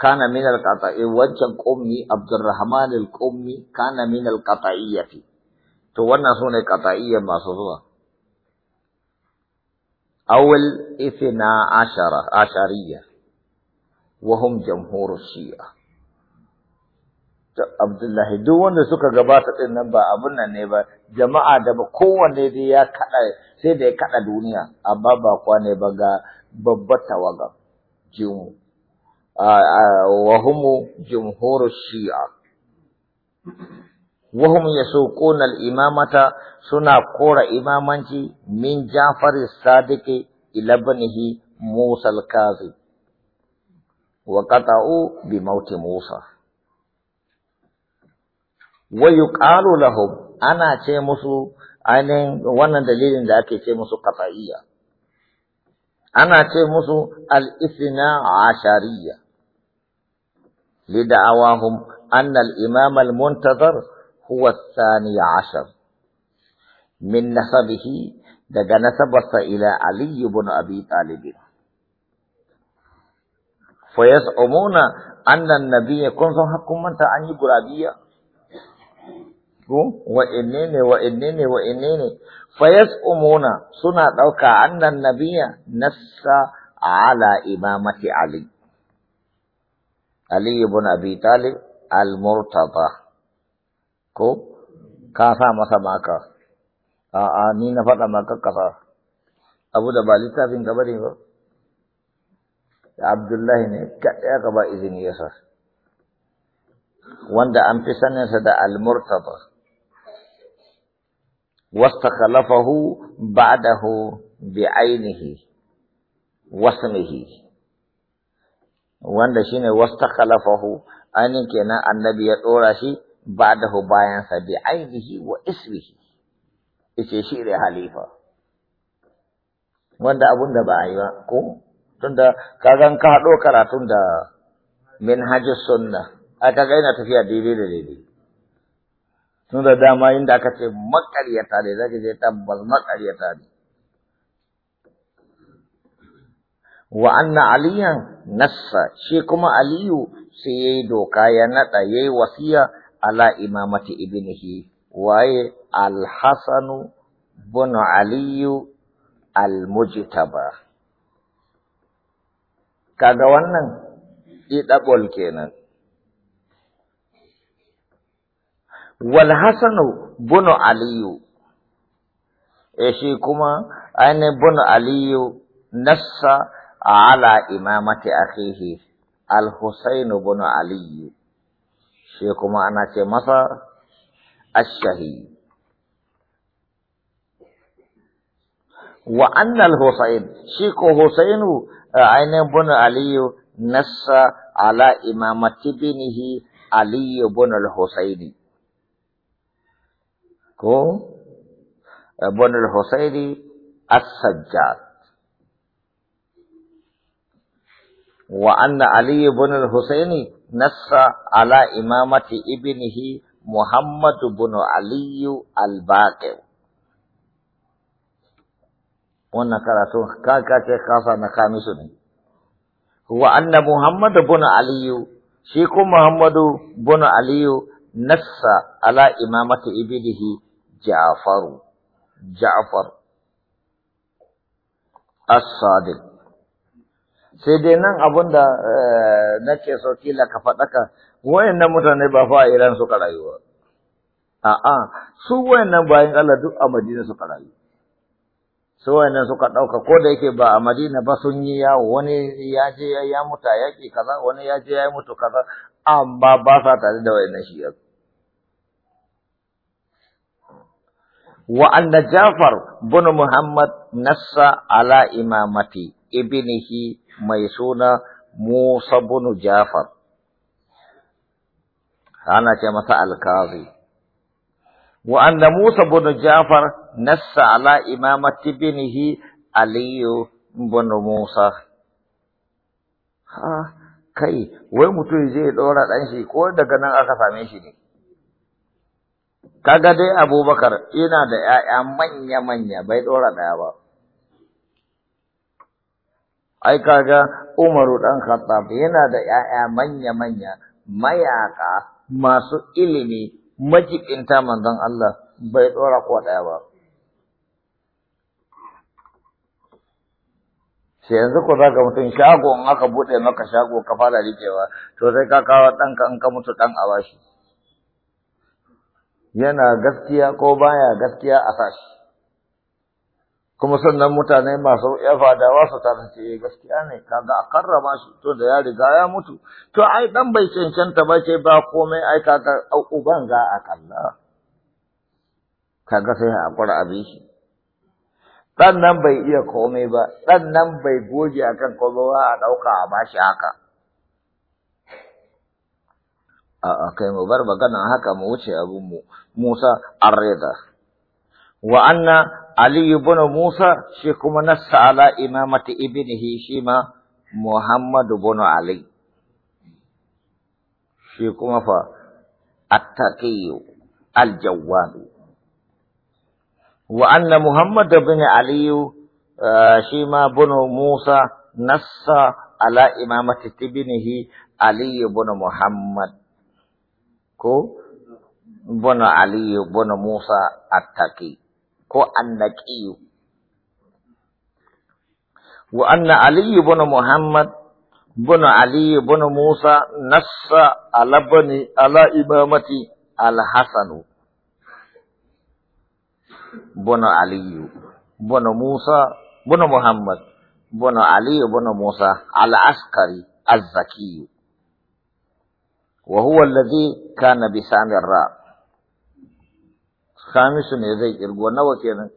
كان من القطع وجن قومي عبد الرحمن القومي كان من القطعية to wannan سونا قطعية ما masu zuwa. إثنى ifina عشرية ashariya, جمهور الشيعة Abdullahi, duk wanda suka gabata ɗin nan ba abin nan ne ba, jama'a da ba kowanne ya kaɗa, sai da ya kaɗa duniya, amma ba kwane ba ga babbar tawagar jimu. وهم جمهور الشيعة وهم يسوقون الإمامة سنة قول إماما من جعفر الصادق إلى ابنه موسى الكاذب وقطعوا بموت موسى ويقال لهم أنا ce musu ainihin wannan dalilin da ake ce musu qat'iyya ana ce musu al-ithna ashariyya لدعواهم أن الإمام المنتظر هو الثاني عشر من نسبه دقى نسبه إلى علي بن أبي طالب فيزعمون أن النبي كنت حكم من تعني برابية وإنني وإنني وإنني فيزعمون سنة أوكا أن النبي نص على إمامة علي Aliyu ibn Abi Talib al-Murtada ko ka sa masa maka a'a ni na faɗa maka kasa abu ba littafin ka ba Abdullahi ne kaɗai aka ba izini ya sa wanda an fi saninsa da al-Murtada واستخلفه بعده بعينه واسمه wanda shine kalafahu ainin kenan annabi ya dora shi ba dahu bayan sa bi ainihi wa ismihi yace shi ne halifa wanda abun da ba a yi ba ko tunda kagan ka haɗo karatun da minhajus sunna a kaga yana tafiya daidai da daidai Tunda dama inda aka ce makaryata ne zaka je tabbas makaryata ne wa anna aliyan nassa shi kuma aliyu sai yayi doka ya nada yayi wasiya ala imamati ibnihi waye al hasan bin aliyu al-mujtaba kaga wannan idabol kenan wal hasan bin aliyu eh shi kuma ainihin bin aliyu nassa ala imamati akhihi al-Husayn ibn Ali shi kuma ana ce masa ash-shahi wa anna al-Husayn shi ko Husainu eh, ainihin ibn Ali nassa ala imamati binihi Ali ibn al-Husayn ko ibn al-Husayn as-Sajjad وأن علي بن الحسين نص على إمامة ابنه محمد بن al الباقر wannan karatu kaka ce kasa na kamisu ne wa anna muhammad ibn aliyu shi ko muhammadu ibn aliyu nassa ala imamati ibilihi ja'far as-sadiq sai dai nan abun da eh, nake so kila ka faɗaka wayannan mutane ba fa Iran suka rayuwa a'a su wayannan bayan Allah duk a Madina suka rayu su wayannan suka ɗauka ko da yake ba a Madina ba sun yi yawo wani ya je ya mutu a yaƙi kaza wani ya je ya mutu kaza amma ba sa tare da wayannan shi yanzu wa Jafar bin Muhammad nassa ala imamati ibnihi mai suna Musa bin Jafar ana ce masa al-Kazi Musa bin Jafar nassa ala imamati ibnihi Ali bin Musa ha kai wai mutum zai dora ɗanshi, ko daga nan aka same shi ne kaga dai abubakar yana da ‘ya'ya manya-manya bai ɗora ɗaya ba ai kaga umaru ɗan khattab yana da ‘ya'ya manya-manya mayaƙa masu ilimi majikinta manzon Allah bai ɗora ko ɗaya ba sai yanzu ko za ka mutum shago in aka buɗe maka shago ka fara rikewa to sai ka kawo ɗanka in ka mutu ɗan a bashi yana gaskiya ko baya gaskiya a sashi kuma sannan mutane masu ya da wasu tarance ya eh, gaskiya ne kaga a karrama shi to da ya riga ya mutu to ai dan bai cancanta ba ce ba komai ai kaga uban za a kalla kaga sai a abin shi dan nan bai iya komai ba dan nan bai goge akan komai a dauka a bashi haka a'a kai mu bar magana haka mu wuce abun mu Musa Ar-Rida wa anna Ali ibn Musa shi kuma nassa ala imamati ibnihi shi ma Muhammad ibn Ali shi kuma fa at-taqi al-jawwad wa anna Muhammad ibn Ali shi ma ibn Musa nassa ala imamati ibnihi Ali ibn Muhammad ko bana aliyu bana musa attaki ko annaqiyu wa anna aliyu bana muhammad bana aliyu bana musa nassa ala bani ala imamati al-hasanu bono aliyu bana musa bono muhammad bana aliyu bana musa al-askari az-zakiyu وهو الذي كان بسان الراء خامس يدي يرقونا وكذا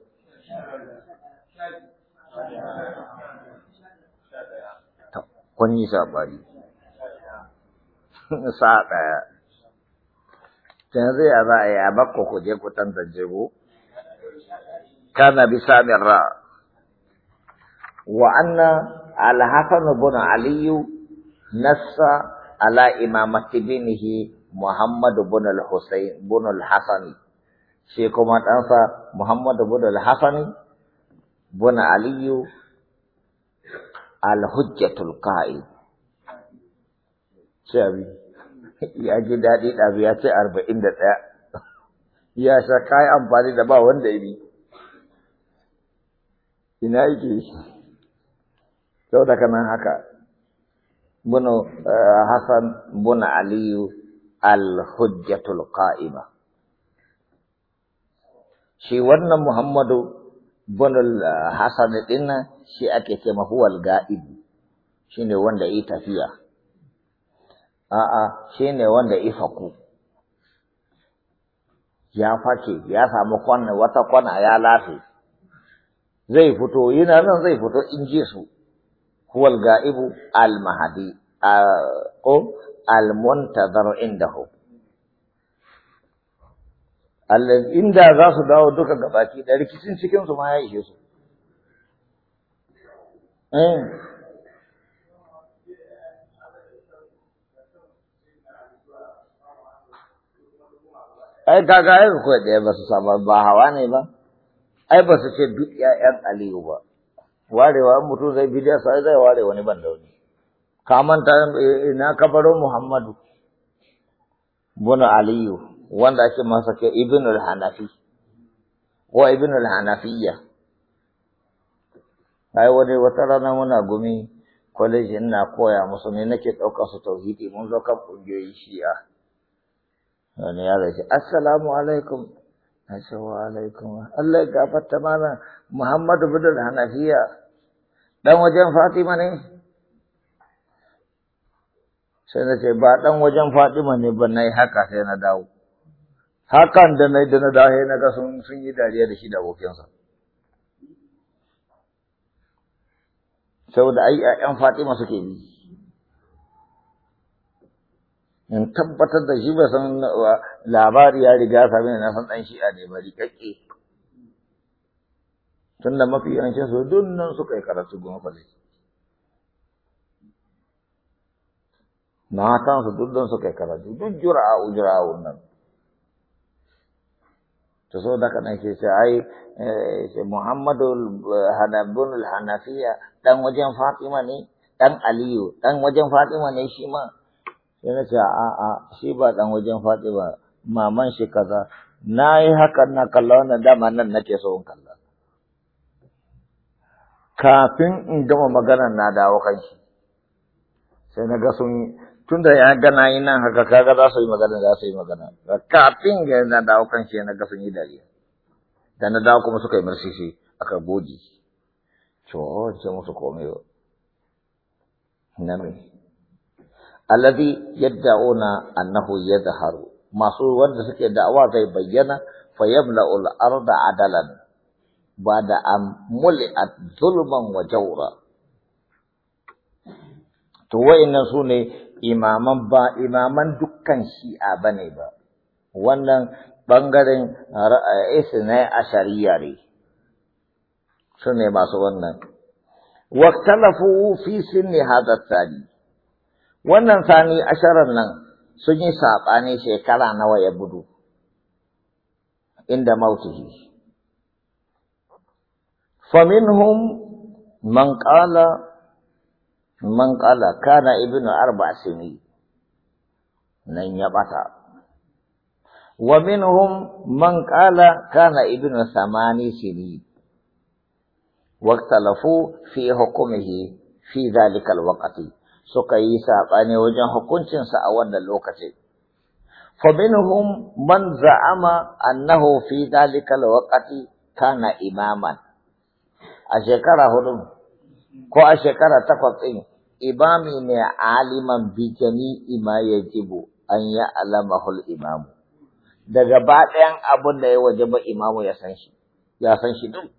قني سابري ساتا تنزي أبا أي أبقى خديك وتنتجه كان بسان الراء وأن الحسن بن علي نسى ala imamati binihi Muhammad bin al-Husayn bin al-Hasani shi kuma ɗansa Muhammad bin al-Hasani bin Aliyu al-Hujjatul Qa'id Shabi ya ji daɗi ɗabi ya ce arba'in da ɗaya ya sha kayan amfani da ba wanda ya ina yake shi sau da kanan haka بن حسن aliyu علي الحجة qa'ima shi wannan Muhammadu bunu Hassan din shi ake ce ma huwal ga'ib shine wanda yi tafiya a'a shine wanda yi ya fake ya samu kwana wata kwana ya lafi zai fito yana nan zai fito in ji su huwal ga'ibu al-mahadi ko al-muntazar inda za su dawo duka gabaki da rikicin cikin su ma ya ishe eh. ai kaga ai ko da ba saba ba hawa ne ba ai ba su ce duk ƴaƴan aliyu ba warewa mutum zai bidiya sai zai ware wani ban da wani ka manta ina ka baro Muhammadu bin Aliyu wanda ake masa ke Ibn al-Hanafi ko Ibn al-Hanafiyya ai wani wata rana muna gumi college ina koya musu ne nake ɗaukar su tauhidi mun zo kan kungiyoyi shi'a wani ya zai assalamu alaikum Assalamu alaikum. Allah ya mana Muhammadu bin Hanafiya. Dan wajen Fatima ne? Sai na ce ba dan wajen Fatima ne ba na yi haka sai na dawo. Hakan da na yi da na dawo sai na ga sun sun yi dariya da shi da abokinsa. Saboda ai ƴaƴan Fatima suke bi. in tabbatar da shi ba san labari ya riga sami na san dan shi'a ne rikakke tun tunda mafi yawancin su dunnan suka yi karatu goma Na matan su dunnan suka yi karatu duk jura'a ujura'u nan to so da kana ke ce ai eh, Muhammadu eh, Hanabun al-Hanafiya dan wajen Fatima ne dan Aliyu dan wajen Fatima ne shi ma sai na ce a'a shi ba dan wajen faɗi ba maman shi kaza na yi hakan na kalla wannan dama nan nake so in kalla kafin in gama magana na dawo kan shi sai na ga sun tunda ya gana yi nan haka kaga za su yi magana za su yi magana kafin ga na dawo kan shi na ga sun yi dariya da na dawo kuma suka yi shi aka gode to ce musu komai ba na mai alladhi yad'una annahu yadhharu masu wanda suke da'awa zai bayyana fa yamla'u al-arda adalan ba'da am mul'at zulman wa jawra to wayannan sune imaman ba imaman dukkan shi'a bane ba wannan bangaren isna ashariya ne sune masu wannan واختلفوا fi sinni هذا tsari wannan sani asharar nan sun yi saɓani shekara nawa ya gudu inda mautihi faminhum man qala man qala kana ibnu arba sini nan ya bata wa minhum man qala kana ibnu samani sini waqtalafu fi hukmihi fi zalikal alwaqti suka yi saɓani wajen hukuncinsa a wannan lokaci. Faminuhun man za'ama annahu fi dalika ta na imaman. A shekara hudun ko a shekara takwas ɗin imami ne aliman bi jami ima ya jibu an yi alamahul imamu. Daga ba ɗayan abin da ya waje ba imamu ya san shi, ya san shi duk.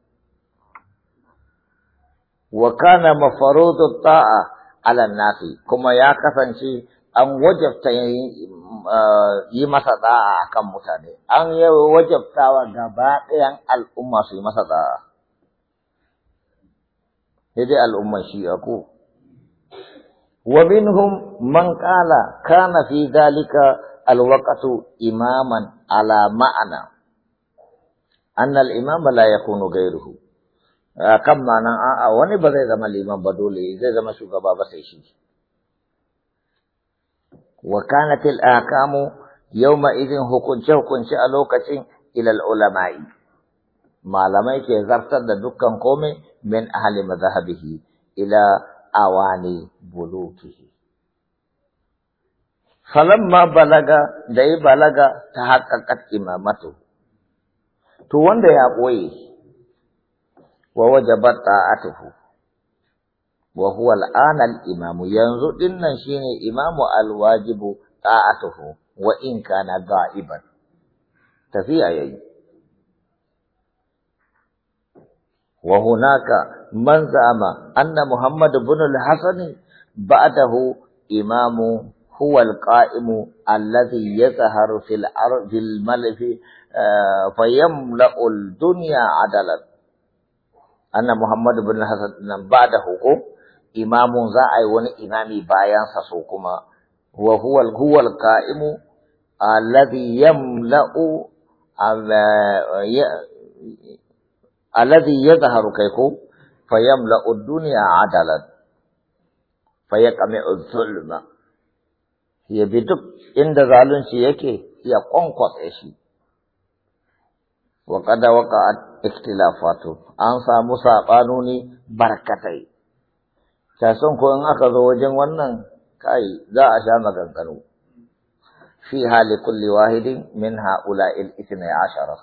Wa kana mafarudu ta'a alan nasi kuma ya kasance an wajabta uh, yi masa da'a akan mutane an yi wajabtawa gaba ɗayan al'umma su yi masa da'a sai dai al'umman shi ko wa minhum man qala kana fi dalika alwakatu imaman ala ma'ana anna al-imama la yakunu ghayruhu kan ma'anan a'a wani ba zai zama liman ba dole zai zama shugaba ba sai shi wa kanat al ahkamu yawma idin hukunce hukunce a lokacin ilal ulama'i malamai ke zartar da dukkan komai min ahli mazhabihi ila awani bulukihi ma balaga da balaga ta haƙaƙat imamatu to wanda ya ɓoye ووجبت طاعته وهو الآن الإمام ينظر إن شين إمام الواجب طاعته وإن كان غائبا تفيع يعني وهناك من زعم أن محمد بن الحسن بعده إمام هو القائم الذي يظهر في الأرض في الملف آه، فيملأ الدنيا عدلا anna Muhammad bin Hassan nan ba da hukum imamun za a yi wani imami bayan so kuma wa huwa huwa qa'imu alladhi yamla'u alladhi yadhharu kayku fayamla'u ad-dunya 'adalan fayaqmi'u adh-dhulma ya bi duk inda zalunci yake ya kwankwatsa shi وقد وقعت اختلافات an samu saɓanoni barkatai tasan ko in aka zo wajen wannan kai za a sha maganganu fi hali kulli wahidin min ha'ula'il ithna ashara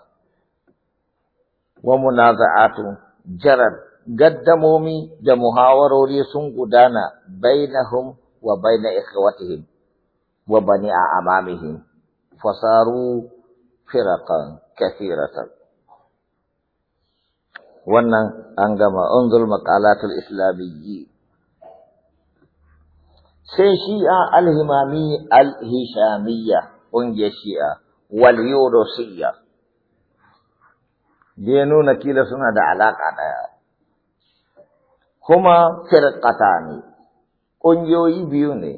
wa munaza'atu jarar gaddamomi da muhawarori sun gudana bainahum wa baina ikhwatihim wa bani amamihim fasaru firaqan kathiratan wannan an gama unzul maqalatul islamiyyi sai shi'a al-himami alhimami alhishamiyya ƙungiyar shi'a wal yurusiyya da ya nuna kila suna da alaka ɗaya kuma firqatani ne ƙungiyoyi biyu ne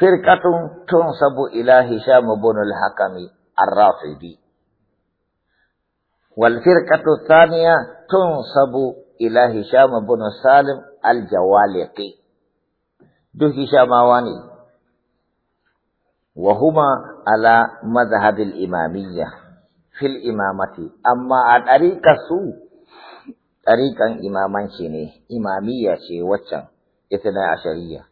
firqatun tun sabu ila hisham ibn al-hakami ar-rafidi والفرقة الثانية تنصب إلى هشام بن سالم الجوالقي دو واني وهما على مذهب الإمامية في الإمامة أما أريك سوء طريقا إمامان شيني إمامية شي وچن اثنى عشرية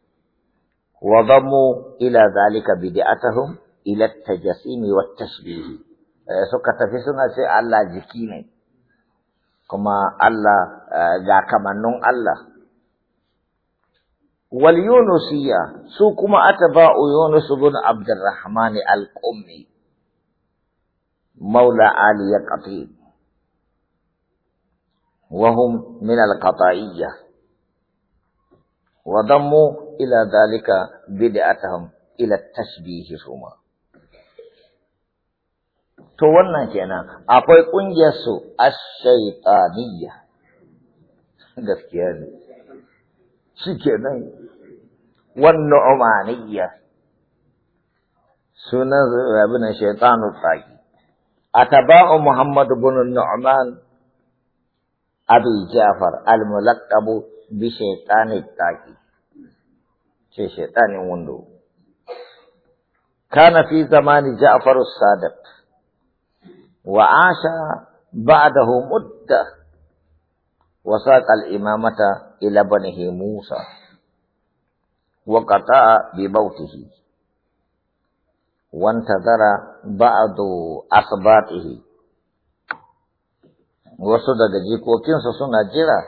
وضموا إلى ذلك بدعتهم إلى التجسيم والتشبيه suka tafi suna ce Allah jiki ne kuma Allah ga kamannun Allah wal yunusiya su kuma atba'u yunus bin abdurrahman al-qummi مولى آل يقطين وهم من القطائية وضموا إلى ذلك بدعتهم إلى التشبيه هما to wannan kenan akwai ƙungiyar su shaitaniya. gaskiya ne Shi kenan wannan umaniya. sunan abin shaytanu A atba'u Muhammadu bin nu'man abi ja'far al bi shaitani taki. ce shaytanin wando kana fi zamani ja'far sadiq وعاش بعده مدة وساق الإمامة إلى بنه موسى وقطع بموته وانتظر بعض أصباته وصدق جيكوكين سنة جرى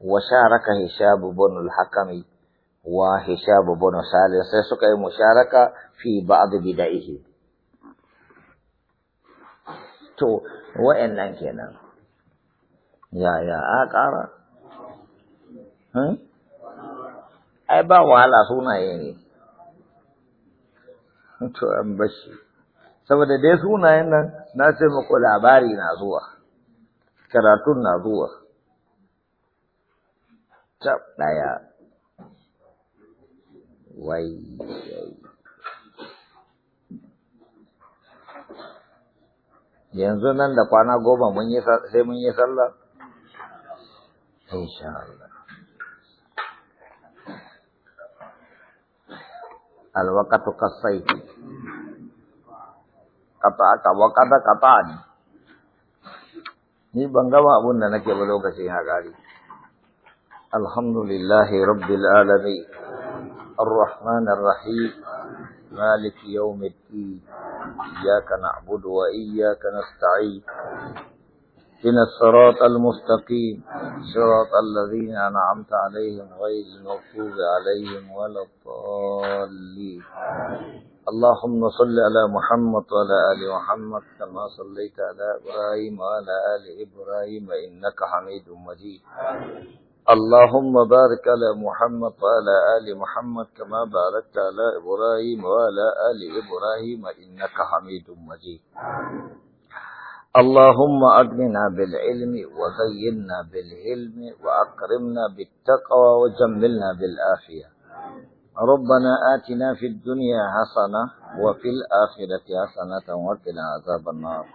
وشارك هشاب بن الحكم وهشاب بن سالس سكي مشاركة في بعض بدائه to wa'annan kenan yaya a ƙara hmm? ai ba wahala sunaye ne to an bashi saboda dai sunayen nan na ce muku labari na zuwa karatun na zuwa cap ɗaya wai yanzu nan da kwana goma sai mun yi sallah insha Allah alwaqatu qasayfi kata aka waqada kata ni ni ban gama abun da nake ba lokacin ya gari alhamdulillahi rabbil alamin الرحمن الرحيم مالك يوم الدين إياك نعبد وإياك نستعين إن الصراط المستقيم صراط الذين أنعمت عليهم غير المغفوظ عليهم ولا الضالين اللهم صل على محمد وعلى آل محمد كما صليت على إبراهيم وعلى آل إبراهيم إنك حميد مجيد اللهم بارك على محمد وعلى آل محمد كما باركت على إبراهيم وعلى آل إبراهيم إنك حميد مجيد اللهم أغننا بالعلم وزينا بالعلم وأكرمنا بالتقوى وجملنا بالعافية ربنا آتنا في الدنيا حسنة وفي الآخرة حسنة وقنا عذاب النار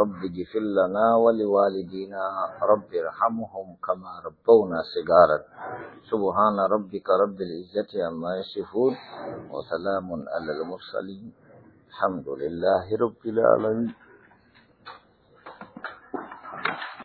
رب اغفر لنا ولوالدينا رب ارحمهم كما ربونا صغارا سبحان ربك رب العزة عما يصفون وسلام على المرسلين الحمد لله رب العالمين